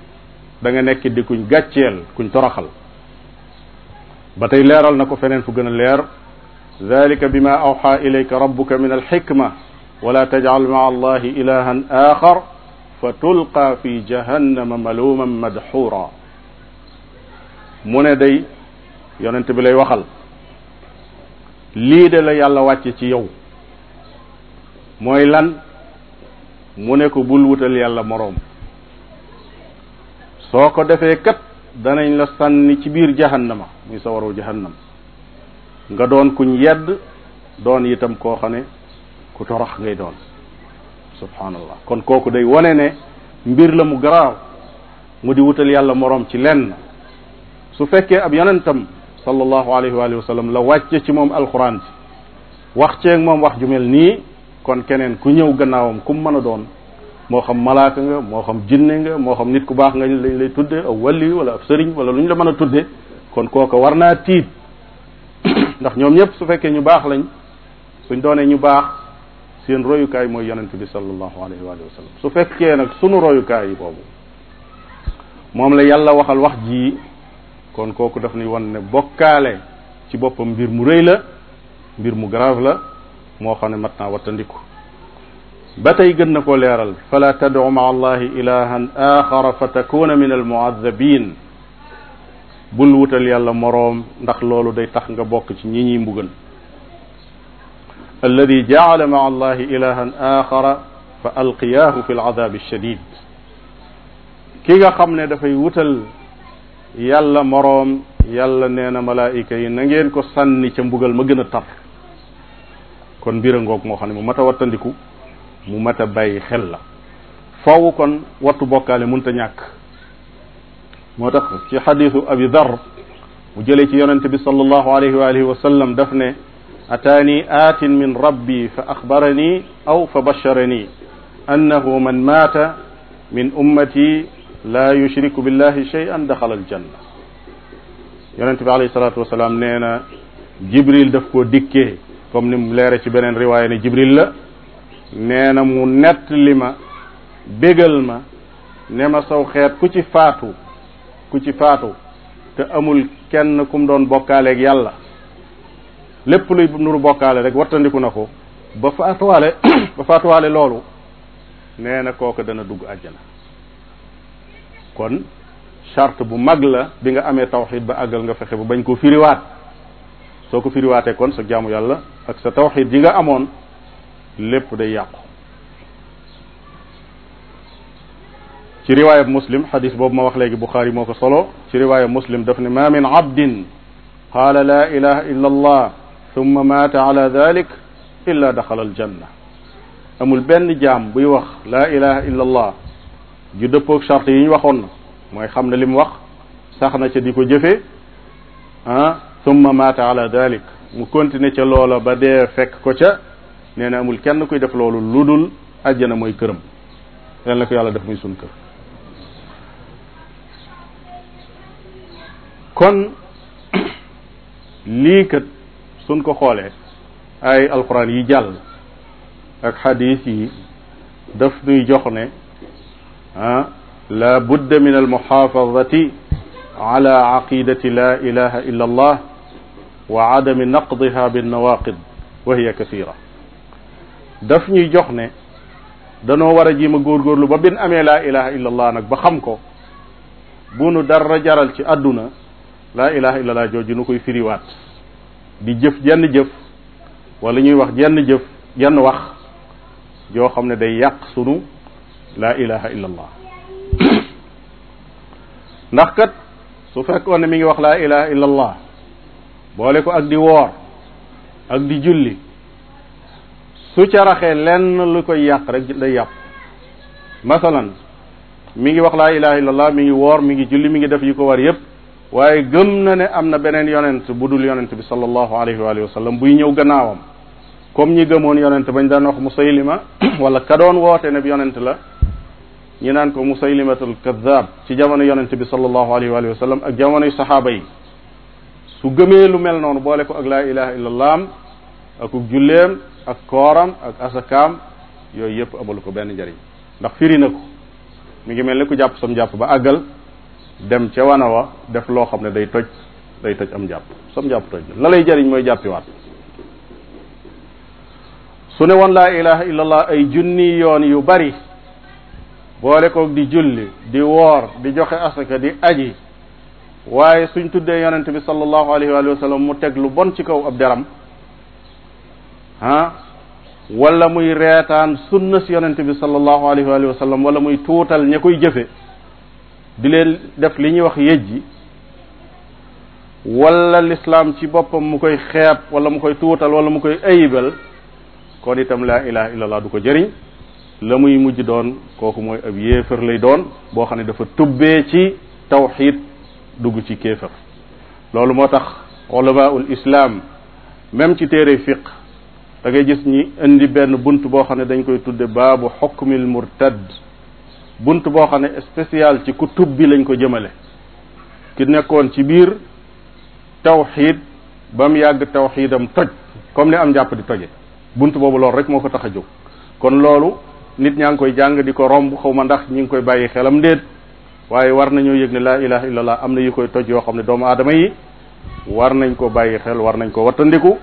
da nekk di kuñ gàcceel kuñ toroxal ba tey leeral na ko feneen fu gën a leer dalika bima awxa ilayka rabbuka min alxikma wala tajcal maa allahi ilahan axar fa tulqa fi jahannama maluuman madxuura mu ne day yonent bi lay waxal lii de la yàlla wàcce ci yow mooy lan mu ne ko bul wutal yàlla moroom soo ko defee kat danañ la sànni ci biir jahannama muy sawaru jahannam nga doon kuñ yedd doon itam koo xam ne ku torox ngay doon subhanallah kon kooku day wone ne mbir la mu garaaw mu di wutal yàlla moroom ci lenn su fekkee ab yonentam sallallahu alayhi wa sallam la wàcce ci moom alquran ci wax ceeg moom wax ju mel nii kon keneen ku ñëw gannaawam ku mu mën a doon moo xam malaaka nga moo xam jinne nga moo xam nit ku baax nga lañ lay tudde aw wàlli wala ab sëriñ wala lu ñu la mën a tudde kon kooka war naa tiit ndax ñoom ñëpp su fekkee ñu baax lañ suñ doonee ñu baax seen royukaay mooy yonent bi sallallahu alayhi wa sallam su fekkee nag sunu royukaay yi boobu moom la yàlla waxal wax ji kon kooku daf ni wan ne bokkaale ci boppam mbir mu rëy la mbir mu grave la moo xam ne mat naa wattandiku ba tey gën na koo leeral fala tad'u ma'a allahi ilahan axara fa takuna min almu'adhabin bul wutal yàlla moroom ndax loolu day tax nga bokk ci ñi ñuy mbugal alladi ja'ala ma'a allahi ilahan fa alqiyaahu fi al'adab alshadid ki nga xam ne dafay wutal yàlla moroom yàlla nee na malaayika yi na ngeen ko sànni ca mbugal ma gën a tar kon mbir a ngoog moo xam ne mu mat a wattandiku mu mat a bàyyi xel la foowu kon wattu bokkaale mënta ñàkk moo tax ci xadisu abi dar mu jëlee ci yonente bi sallallahu alayhi wa alihi wa sallam daf ne ataani aatin min rabbi fa axbarani aw fa basharani annahu man maata min ummati la yushriku billahi cheyan daxala aljanna yonente bi alayhi salatu wasalaam nee na jibril daf koo dikkee comme ni mu leere ci beneen riwaaya ne jibril la nee na mu nett li ma bégal ma ne ma saw xeet ku ci faatu ku ci faatu te amul kenn kum doon bokkaaleek yàlla lépp luy nuru bokkaale rek wattandiku na ko ba faatuwaale loolu nee na kooka dana dugg àjjana kon charte bu mag la bi nga amee tawxid ba àggal nga fexe bu bañ koo firiwaat soo ko firiwaatee kon sa jaamu yàlla ak sa tawxid ji nga amoon lépp day yàqu ci riwaayab muslim xadis ma wax léegi buxaari moo ko solo ci riwaayab muslim daf ne ma min abdin qaala la ilaha illa allah thumma maata ala dalik illa daxala aljanna amul benn jaam buy wax la ilaha illa allah ju dëppoog charte yi ñu waxoon mooy xam ne li wax sax na ca di ko jëfe ah, summa maata ala dalik mu continuer ca loola ba dee fekk ko ca nee na amul kenn kuy def loolu lu dul àjjana mooy këram yal na ko yàlla def muy sun kër kon lii kat suñ ko xoolee ay alxuraan yi jàll ak xadiis yi daf nuy jox ne ah la budda min almuxaafadati ala aqidati la ilaha illa allah wa adami naqdiha binnawaqid wa hiya kasira daf ñuy jox ne danoo war a jéem a góorgóorlu ba bin amee laa ilaha illa allah nag ba xam ko bu nu dara jaral ci àdduna laa ilaha illa allah jooju nu koy firiwaat di jëf jenn jëf wala ñuy wax jenn jëf jenn wax joo xam ne day yàq sunu laa ilaha illa allah ndax kat su fekkoon ne mi ngi wax laa ilaha illa allah boole ko ak di woor ak di julli su ca raxee lenn lu koy yàq rek day yàpp masalan mi ngi wax laa ilaha illallah mi ngi woor mi ngi julli mi ngi def yi ko war yépp waaye gëm na ne am na beneen yonent bu dul yonent bi sallallahu alayhi wa sallam buy ñëw gannaawam comme ñi gëmoon yonent bañ daan wax musaylima wala ka doon woote ne yonent la ñi naan ko musaylimatul kadab ci jamono yonent bi sallallahu alayhi wa sallam ak jamonoy saxaaba yi su gëmee lu mel noonu boole ko ak laa ilaha illallah akuk julleem ak kooram ak asakaam yooyu yëpp amalu ko benn njariñ ndax firi na ko mi ngi mel ni ku jàpp sam jàpp ba àggal dem ca wana wa def loo xam ne day toj day toj am jàpp sam jàpp toj la jariñ mooy jàppiwaat su ne woon laa ilaha illallah ay junni yoon yu bari boole koog di julli di woor di joxe asaka di aji waaye suñ tuddee yonente bi sallallahu alayhi wa sallam mu teg lu bon ci kaw ab deram ah wala muy reetaan sunna si yonente bi sallallahu alayhi wa sallam wala muy tuutal ña koy jëfe di leen def li ñuy wax yejji wala l'islam ci boppam mu koy xeeb wala mu koy tuutal wala mu koy ayibal kon itam laa ilaha illallah du ko jëriñ la muy mujj doon kooku mooy ab yéefar lay doon boo xam ne dafa tubbee ci tawxid dugg ci kéefar loolu moo tax ulamaul islam même ci téere fiq dangay gis ñi indi benn bunt boo xam ne dañ koy tudde baabu xukmil murtad bunt boo xam ne spécial ci ku tub bi lañ ko jëmale ki nekkoon ci biir tawxid ba mu yàgg tawxidam toj comme ni am njàpp di toje bunt boobu loolu rek moo ko tax a jóg kon loolu nit ñaa ngi koy jàng di ko romb xaw ma ndax ñi ngi koy bàyyi xelam ndéet waaye war nañoo yëg ne laa ilaha illallah am na yu koy toj yoo xam ne doomu aadama yi war nañ ko bàyyi xel war nañ ko wattandiku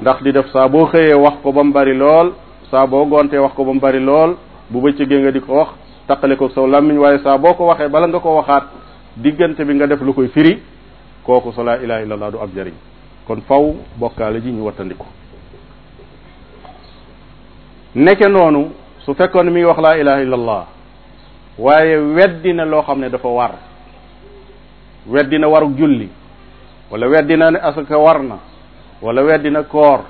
ndax di def saa boo xëyee wax ko ba mu bari lool saa boo gontee wax ko ba mu bari lool bu bëccëgee nga di ko wax taqale ko saw làmmiñ waaye saa boo ko waxee bala nga ko waxaat diggante bi nga def lu koy firi kooku sa laa ilaha illallah du ab jariñ kon faw bokkaale ji ñu wattandiku nekke noonu su fekkoon mi ngi wax laa ilaha illallah waaye weddi na loo xam ne dafa war weddi na warug julli wala weddi na ne asaka war na wala weddi na koor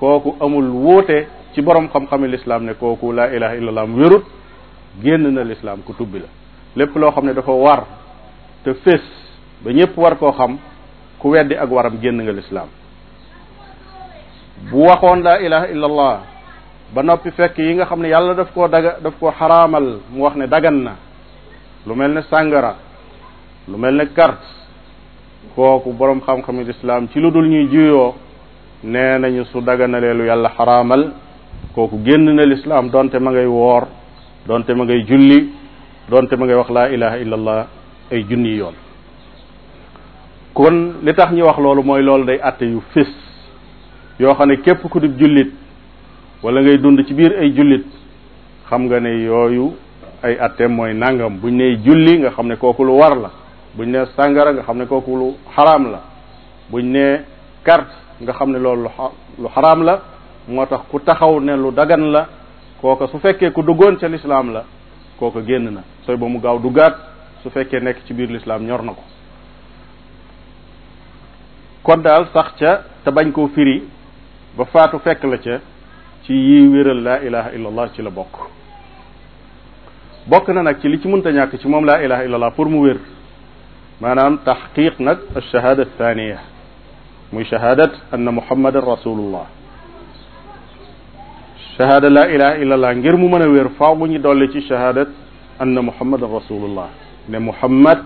kooku amul wuute ci borom xam-xami lislaam ne kooku laa ilaha illallah mu wérut génn na lislaam ku tubbi la lépp loo xam ne dafa war te fés ba ñépp war koo xam ku weddi ak waram génn nga lislaam bu waxoon laa ilaha illallah ba noppi fekk yi nga xam ne yàlla daf koo daga daf koo xaraamal mu wax ne dagan na lu mel ne sàngara lu mel ne carte kooku boroom xam-xamu lislaam ci lu dul ñuy juyoo nee nañu su daganalee lu yàlla xaraamal kooku génn na lislaam donte ma ngay woor donte ma ngay julli doonte ma ngay wax laa ilaha illa ay junni yoon kon li tax ñu wax loolu mooy loolu day atte yu fis yoo xam ne képp ku di jullit wala ngay dund ci biir ay jullit xam nga ne yooyu ay atteem mooy nangam buñ ne julli nga xam ne kooku lu war la buñ ne sàngara nga xam ne kooku lu xaraam la buñ ne carte nga xam ne loolu lu la moo tax ku taxaw ne lu dagan la kooka su fekkee ku duggoon ca lislaam la kooka génn na sooy ba mu gaaw duggaat su fekkee nekk ci biir lislaam ñor na ko kot daal sax ca te bañ koo firi ba faatu fekk la ca ci yi wéral laa ilaha illallah ci la bokk bokk na nag ci li ci mënta ñàkk ci moom laa ilaha illallah pour mu wér maanaam taxqiq nag alshahada thaniya muy shahadat anna muhammadan rasulullah shahada laa ilaha illallah ngir mu mën a wér faaw bu ñu dolli ci shahadat anna muhammadan rasulullah ne muhammad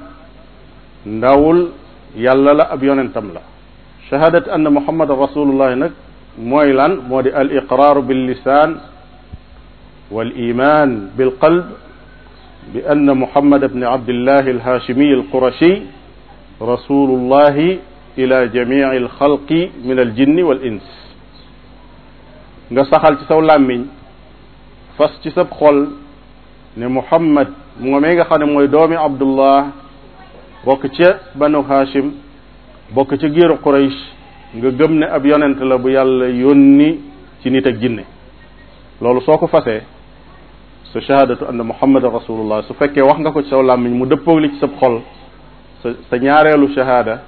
ndawul yàlla la ab yonentam la shahadat anna muhammadan rasulullah nag mooy lan moo di al iqraaru bil lisaan wal iman bil qalb bi anna muhammad bni abdillahi alhaashimiy alqurashi rasulullahi ila jamici alxalqi min aljinni wal ins nga saxal ci saw làmmiñ fas ci sab xol ne muhammad moomee nga xam ne mooy doomi abdullah bokk ca banu haashim bokk ca giiru quraysh nga gëm ne ab yonent la bu yàlla yónni ci nit ak jinne loolu soo ko fasee sa shahadatu anna muhammadan rasulullah su fekkee wax nga ko ci saw làmmiñ mu dëppoog li ci sab xol sa ñaareelu shahada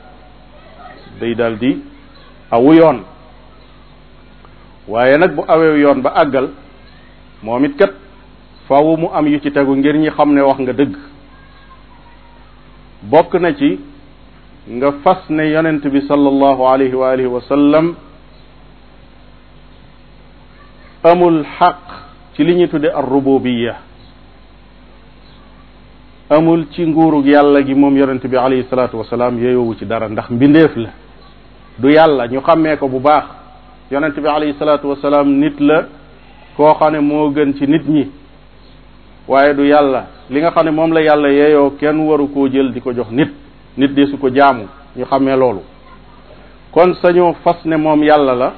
day daldi di awu yoon waaye nag bu awee yoon ba àggal moom it kat faaw mu am yu ci tegu ngir ñi xam ne wax nga dëgg bokk na ci nga fas ne yonent bi sallallahu alayhi wa alihi wa amul xaq ci li ñuy tudde ar-rububiyya amul ci nguurug yàlla gi moom yonent bi alayhi salaatu wa salaam ci dara ndax mbindeef la du yàlla ñu xàmmee ko bu baax yonent bi alayhi salaatu wa salaam nit la koo xam ne moo gën ci nit ñi waaye du yàlla li nga xam ne moom la yàlla yeeyoo kenn waru koo jël di ko jox nit nit de su ko jaamu ñu xamee loolu kon sañoo fas ne moom yàlla la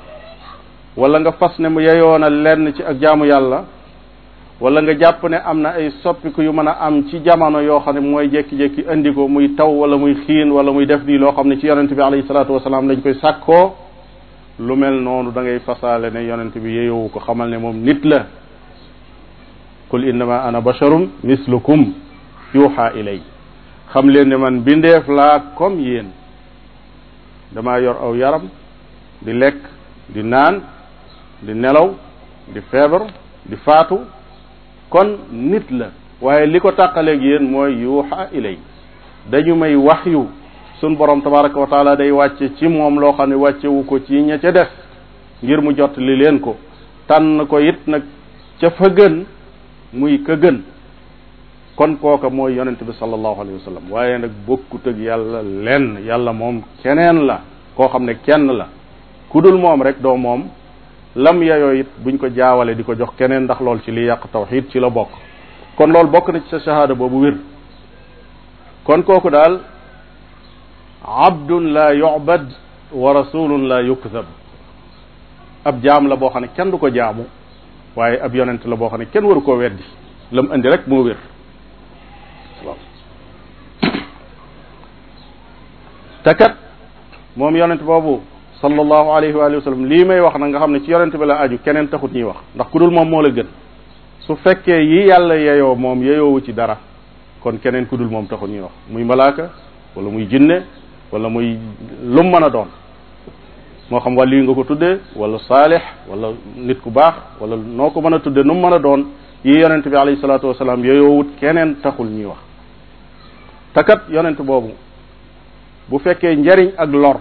walla nga fas ne mu yeyoona lenn ci ak jaamu yàlla wala nga jàpp ne am na ay soppiku yu man a am ci jamono yoo xam ne mooy jékki-jékki muy taw wala muy xiin wala muy def nii loo xam ne ci yonent bi alayhi salaatu wasalaam lañ koy sàkkoo lu mel noonu da ngay fasaale ne yonent bi yeyowu ko xamal ne moom nit la qul innama ana basharum mislukum yuuxa ilay xam leen ne man bindeef laa comme yéen damaa yor aw yaram di lekk di naan di nelaw di feebar di faatu kon nit la waaye li ko tàqaleeg yéen mooy yuuxa ilay dañu may wax yu sun borom tabaraka wa day wàcce ci moom loo xam ne wàccewu ko ci ña ca def ngir mu jot li leen ko tànn ko it nag ca fa gën muy ka gën kon kooka mooy yonent bi sallallahu alayhi wa sallam waaye nag bokkut ak yàlla lenn yàlla moom keneen la koo xam ne kenn la ku dul moom rek doo moom lam yayoo it buñ ko jaawale di ko jox keneen ndax lool ci li yàq tawxid ci la bokk kon loolu bokk na ci sa shahaada boobu wér kon kooku daal abdun la yubad wa rasulun la yukdab ab jaam la boo xam ne kenn du ko jaamu waaye ab yonent la boo xam ne kenn waru koo weddi lam indi rek moo wér te moom yonent boobu sallallahu alayhi wa sallam lii may wax na nga xam ne ci yonent bi la aju keneen taxut ñuy wax ndax ku dul moom moo la gën su fekkee yi yàlla yeyoo moom yeyoowu ci dara kon keneen ku dul moom taxut ñuy wax muy malaaka wala muy jinne wala muy lum mën a doon moo xam wàllu lii nga ko tuddee wala saalix wala nit ku baax wala noo ko mën a tuddee nu mu mën a doon yi yonent bi alayhi salaatu wasalaam yeyoowut keneen taxul ñuy wax te kat boobu bu fekkee njariñ ak lor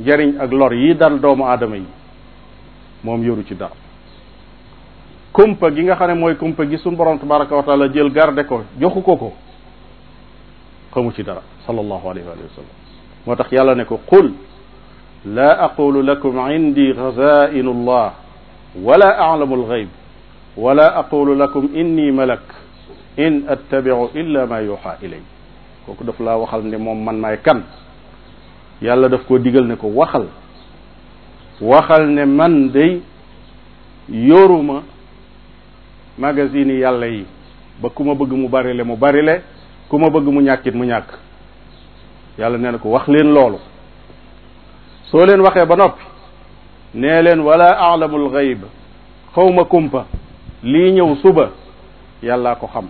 njariñ ak lor yi dal doomu aadama yi moom yoru ci dara kumpa gi nga xam ne mooy kumpa gi suñu borom tabaraka wa taala jël garde ko joxu ko ko xamu ci dara sallallahu alayhi wa sallam moo tax yàlla ne ko qul laa aqulu lakum indi xazainu llah wala alamu alxayb wala aqulu lakum inni malak in attabiu illa ma yuxa ilay kooku daf laa waxal ne moom man maay kan yàlla daf koo digal ne ko waxal waxal ne man dey yoruma magasin yi yàlla yi ba ku ma bëgg mu bari le mu bari le ku ma bëgg mu ñàkkit mu ñàkk yàlla nee na ko wax leen loolu soo leen waxee ba noppi nee leen wala alamul xayb xawma kumpa lii ñëw suba yàllaa ko xam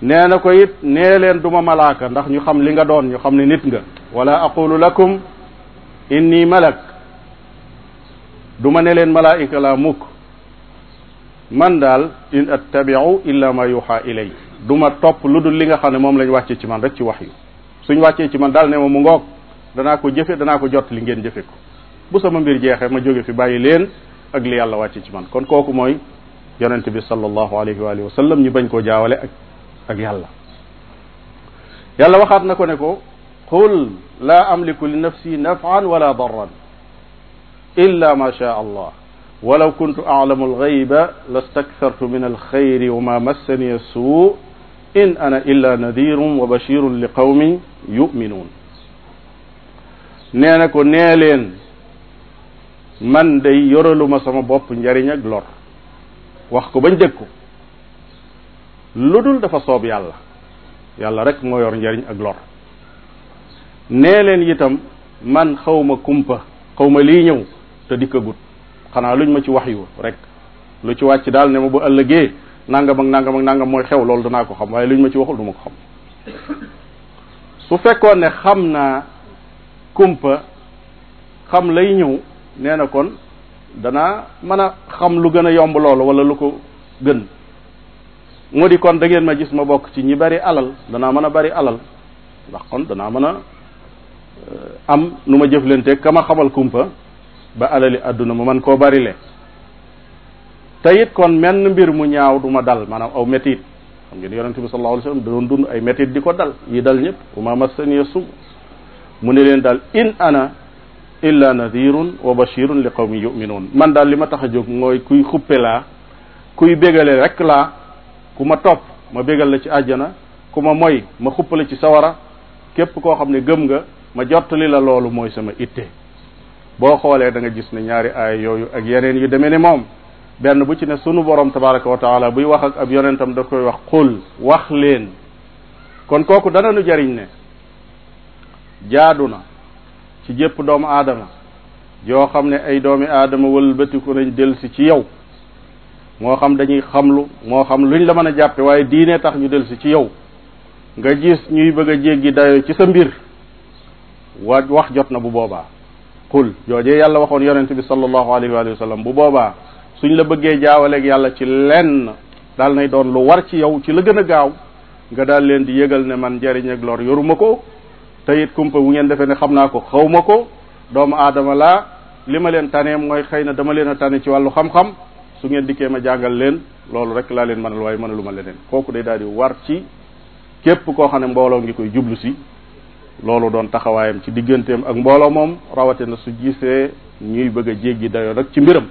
nee na ko it nee leen duma malaaka ndax ñu xam li nga doon ñu xam ne nit nga wala aqulu lakum inni malak duma ne leen malaayika laa mukk man daal in attabiu illa ma yuha ilay duma topp lu dul li nga xam ne moom lañ wàccee ci man rek ci wax yu suñ wàccee ci man daal ne ma mu ngoog danaa ko jëfe danaa ko jot li ngeen jëfe ko bu sama mbir jeexee ma jóge fi bàyyi leen ak li yàlla wàccee ci man kon kooku mooy yonente bi sallallahu alayhi wa sallam ñu bañ koo jaawale ak ak yàlla yàlla waxaat na ko ne ko qul laa amliku li nafsi nafan wala darran illa ma sha allah walaw kuntu alamu alxayba lastakthartu min alxayri wa ma massani assuu in ana illa nadirun wa bashirun li qawmin yuminuun nee na ko nee leen man day yoraluma sama bopp njariñ ak lor wax ko bañ dëgg ko lu dul dafa soob yàlla yàlla rek moo yor njariñ ak lor nee leen itam man xawma kumpa xawma lii ñëw te dikkagut xanaa luñ ma ci wax yu rek lu ci wàcc daal ne ma bu ëllëgee nangam ak nangam ak nangam mooy xew loolu danaa ko xam waaye ñu ma ci waxul du ma ko xam su fekkoon ne xam naa kumpa xam lay ñëw nee na kon danaa mën a xam lu gën a yomb loolu wala lu ko gën mu di kon da ngeen ma gis ma bokk ci ñi bari alal danaa mën a bari alal ndax kon danaa mën a euh, am nu ma jëflanteeg ka ma xamal kumpa ba alali àdduna ma man koo bari le te it kon menn mbir mu ñaaw duma ma dal maanaam aw métit xam ngeen yonente bi sallallahu alayhi wasallam da doon dund ay métit di ko dal yi dal ñëpp wa ma massaniya su mu ne leen daal in ana illa nadirun wa bashirun li qawmin yuminuun man daal li ma tax a jóg mooy kuy xuppe kuy bégale rek laa ku ma topp ma bégal la ci àjjana ku ma moy ma xuppale ci sawara képp koo xam ne gëm nga ma jottali la loolu mooy sama itte boo xoolee da nga gis ne ñaari aay yooyu ak yeneen yu demee ne moom benn bu ci ne sunu borom tabaraka wa taala buy wax ak ab yonentam da koy wax xul wax leen kon kooku dana nu jariñ ne jaadu na ci jëpp doomu aadama yoo xam ne ay doomi aadama wëlbatiku nañ delsi ci yow moo xam dañuy xamlu moo xam luñ la mën a jàppe waaye diine tax ñu dellusi ci yow nga gis ñuy bëgg a jéggi dayo ci sa mbir wa wax jot na bu boobaa qul joojee yàlla waxoon yonente bi sallallahu alayhi wa sallam bu boobaa suñ la bëggee jaawaleeg yàlla ci lenn daal nay doon lu war ci yow ci la gën a gaaw nga daal leen di yëgal ne man njariñ ak yoruma ko te it kumpa bu ngeen defee ne xam naa ko xaw ma ko doomu aadama laa li ma leen tane mooy xëy na dama leen a tane ci wàllu xam-xam su ngeen dikkee ma jàngal leen loolu rek laa leen mënal waaye mënalu ma leneen kooku day daal di war ci képp koo xam ne mbooloo ngi koy jublu si loolu doon taxawaayam ci digganteem ak mbooloo moom rawatina su gisee ñuy bëgg a jéggi dayoo nag ci mbiram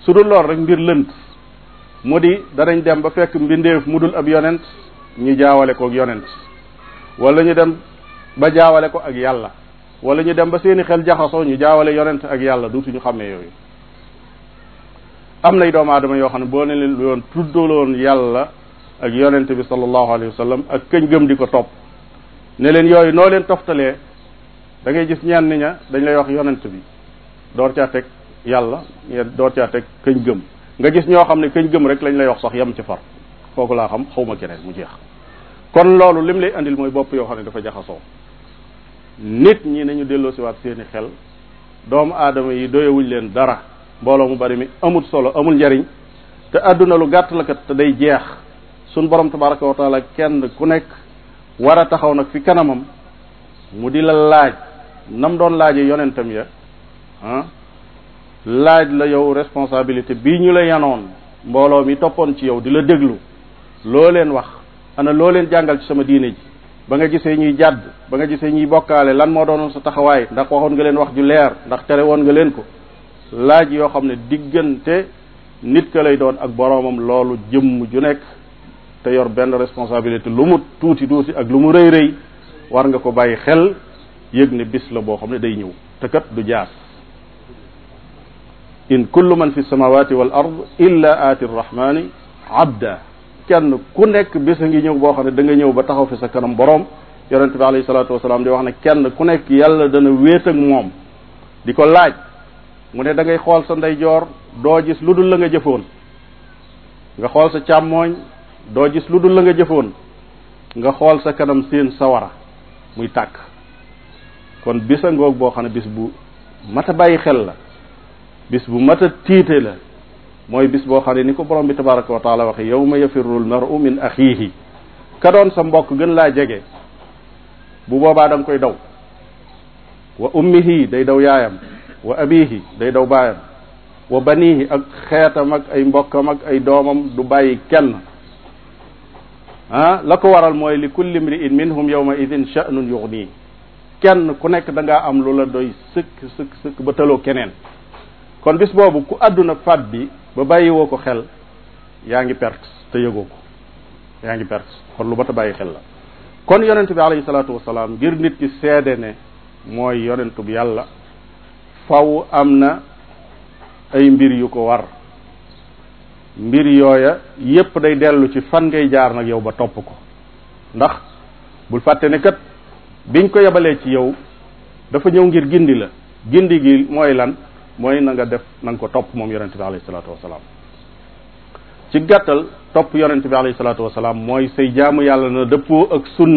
su dul lool rek mbir lënt mu di danañ dem ba fekk mbindeef mu dul ab yonent ñu jaawale kook ak yonent wala ñu dem ba jaawale ko ak yàlla wala ñu dem ba seeni xel jaxasoo ñu jaawale yonent ak yàlla duutuñu xàmmee yooyu am nay doomu adama yoo xam ne boo ne leen yoon tuddaloon yàlla ak yonent bi sallallahu alayhi wa sallam ak këñ gëm di ko topp ne leen yooyu noo leen toftalee da ngay gis ñenn ña dañ lay wax yonent bi door caa yàlla yàlla door caa teg këñ gëm nga gis ñoo xam ne këñ gëm rek lañ lay wax sax yem ci far kooku laa xam xawma keneen mu jeex kon loolu lim lay indil mooy bopp yoo xam ne dafa jaxasoo nit ñi nañu delloosiwaat seeni xel doomu aadama yi doyewuñ leen dara mbooloo mu bari mi amul solo amul njariñ te àdduna lu gàtt la kat te day jeex sun borom tabaraka wa taala kenn ku nekk war a taxaw nag fi kanamam mu di la laaj nam doon laaje yonentam ya ah, laaj la yow responsabilité bii ñu la yanoon mbooloo mi toppoon ci yow di la déglu loo leen wax ana loo leen jàngal ci sama diine ji ba nga gisee ñuy jàdd ba nga gisee ñuy bokkaale lan moo doonoon sa taxawaay ndax waxoon nga leen wax ju leer ndax tere woon nga leen ko laaj yoo xam ne diggante nit ka lay doon ak boroomam loolu jëmm ju nekk te yor benn responsabilité lu mu tuuti tuuti ak lu mu rëy rëy war nga ko bàyyi xel yëg ne bis la boo xam ne day ñëw te kat du jaas in kullu man fi samawati wal ard illa aati rrahmani abda kenn ku nekk bis a ngi ñëw boo xam ne da nga ñëw ba taxaw fi sa kanam boroom yonente bi alayhi salaatu wasalaam di wax ne kenn ku nekk yàlla dana wéet ak moom di ko laaj mu ne da ngay xool sa ndeyjoor doo gis lu dul la nga jëfoon nga xool sa càmmooñ doo gis lu dul la nga jëfoon nga xool sa kanam seen sawara muy tàkk kon bisa ngoog boo xam ne bis bu mat a bàyyi xel la bis bu mat a tiite la mooy bis boo xam ne ni ko borom bi tabaraka wa taala waxe yawma yafirru al mar'u min axiihi ka doon sa mbokk gën laa jege bu boobaa da nga koy daw wa ummihi day daw yaayam wa abihi day daw baayam wa banihi ak xeetam ak ay mbokkam ak ay doomam du bàyyi kenn ah la ko waral mooy li kulli mri'in minhum yawma idin sha'nun yughni kenn ku nekk da am lu la doy sëkk sëkk sëkk ba tëloo keneen kon bis boobu ku àdduna fat bi ba bàyyiwoo ko xel yaa ngi perte te yëgoo ko yaa ngi perte kon lu ba ta bàyyi xel la kon yonent bi alayhi salaatu wasalaam ngir nit ki seede ne mooy yonentub yàlla faw am na ay mbir yu ko war mbir yooya yépp day dellu ci fan ngay jaar nag yow ba topp ko ndax bul fàtte ni kat biñ ko yebalee ci yow dafa ñëw ngir gindi la gindi gi mooy lan mooy nanga def na ko topp moom yonente bi alayhi salaatu wasalaam ci gàttal topp yonente bi alayhi salaatu wasalaam mooy say jaamu yàlla na dëppoo ak sunna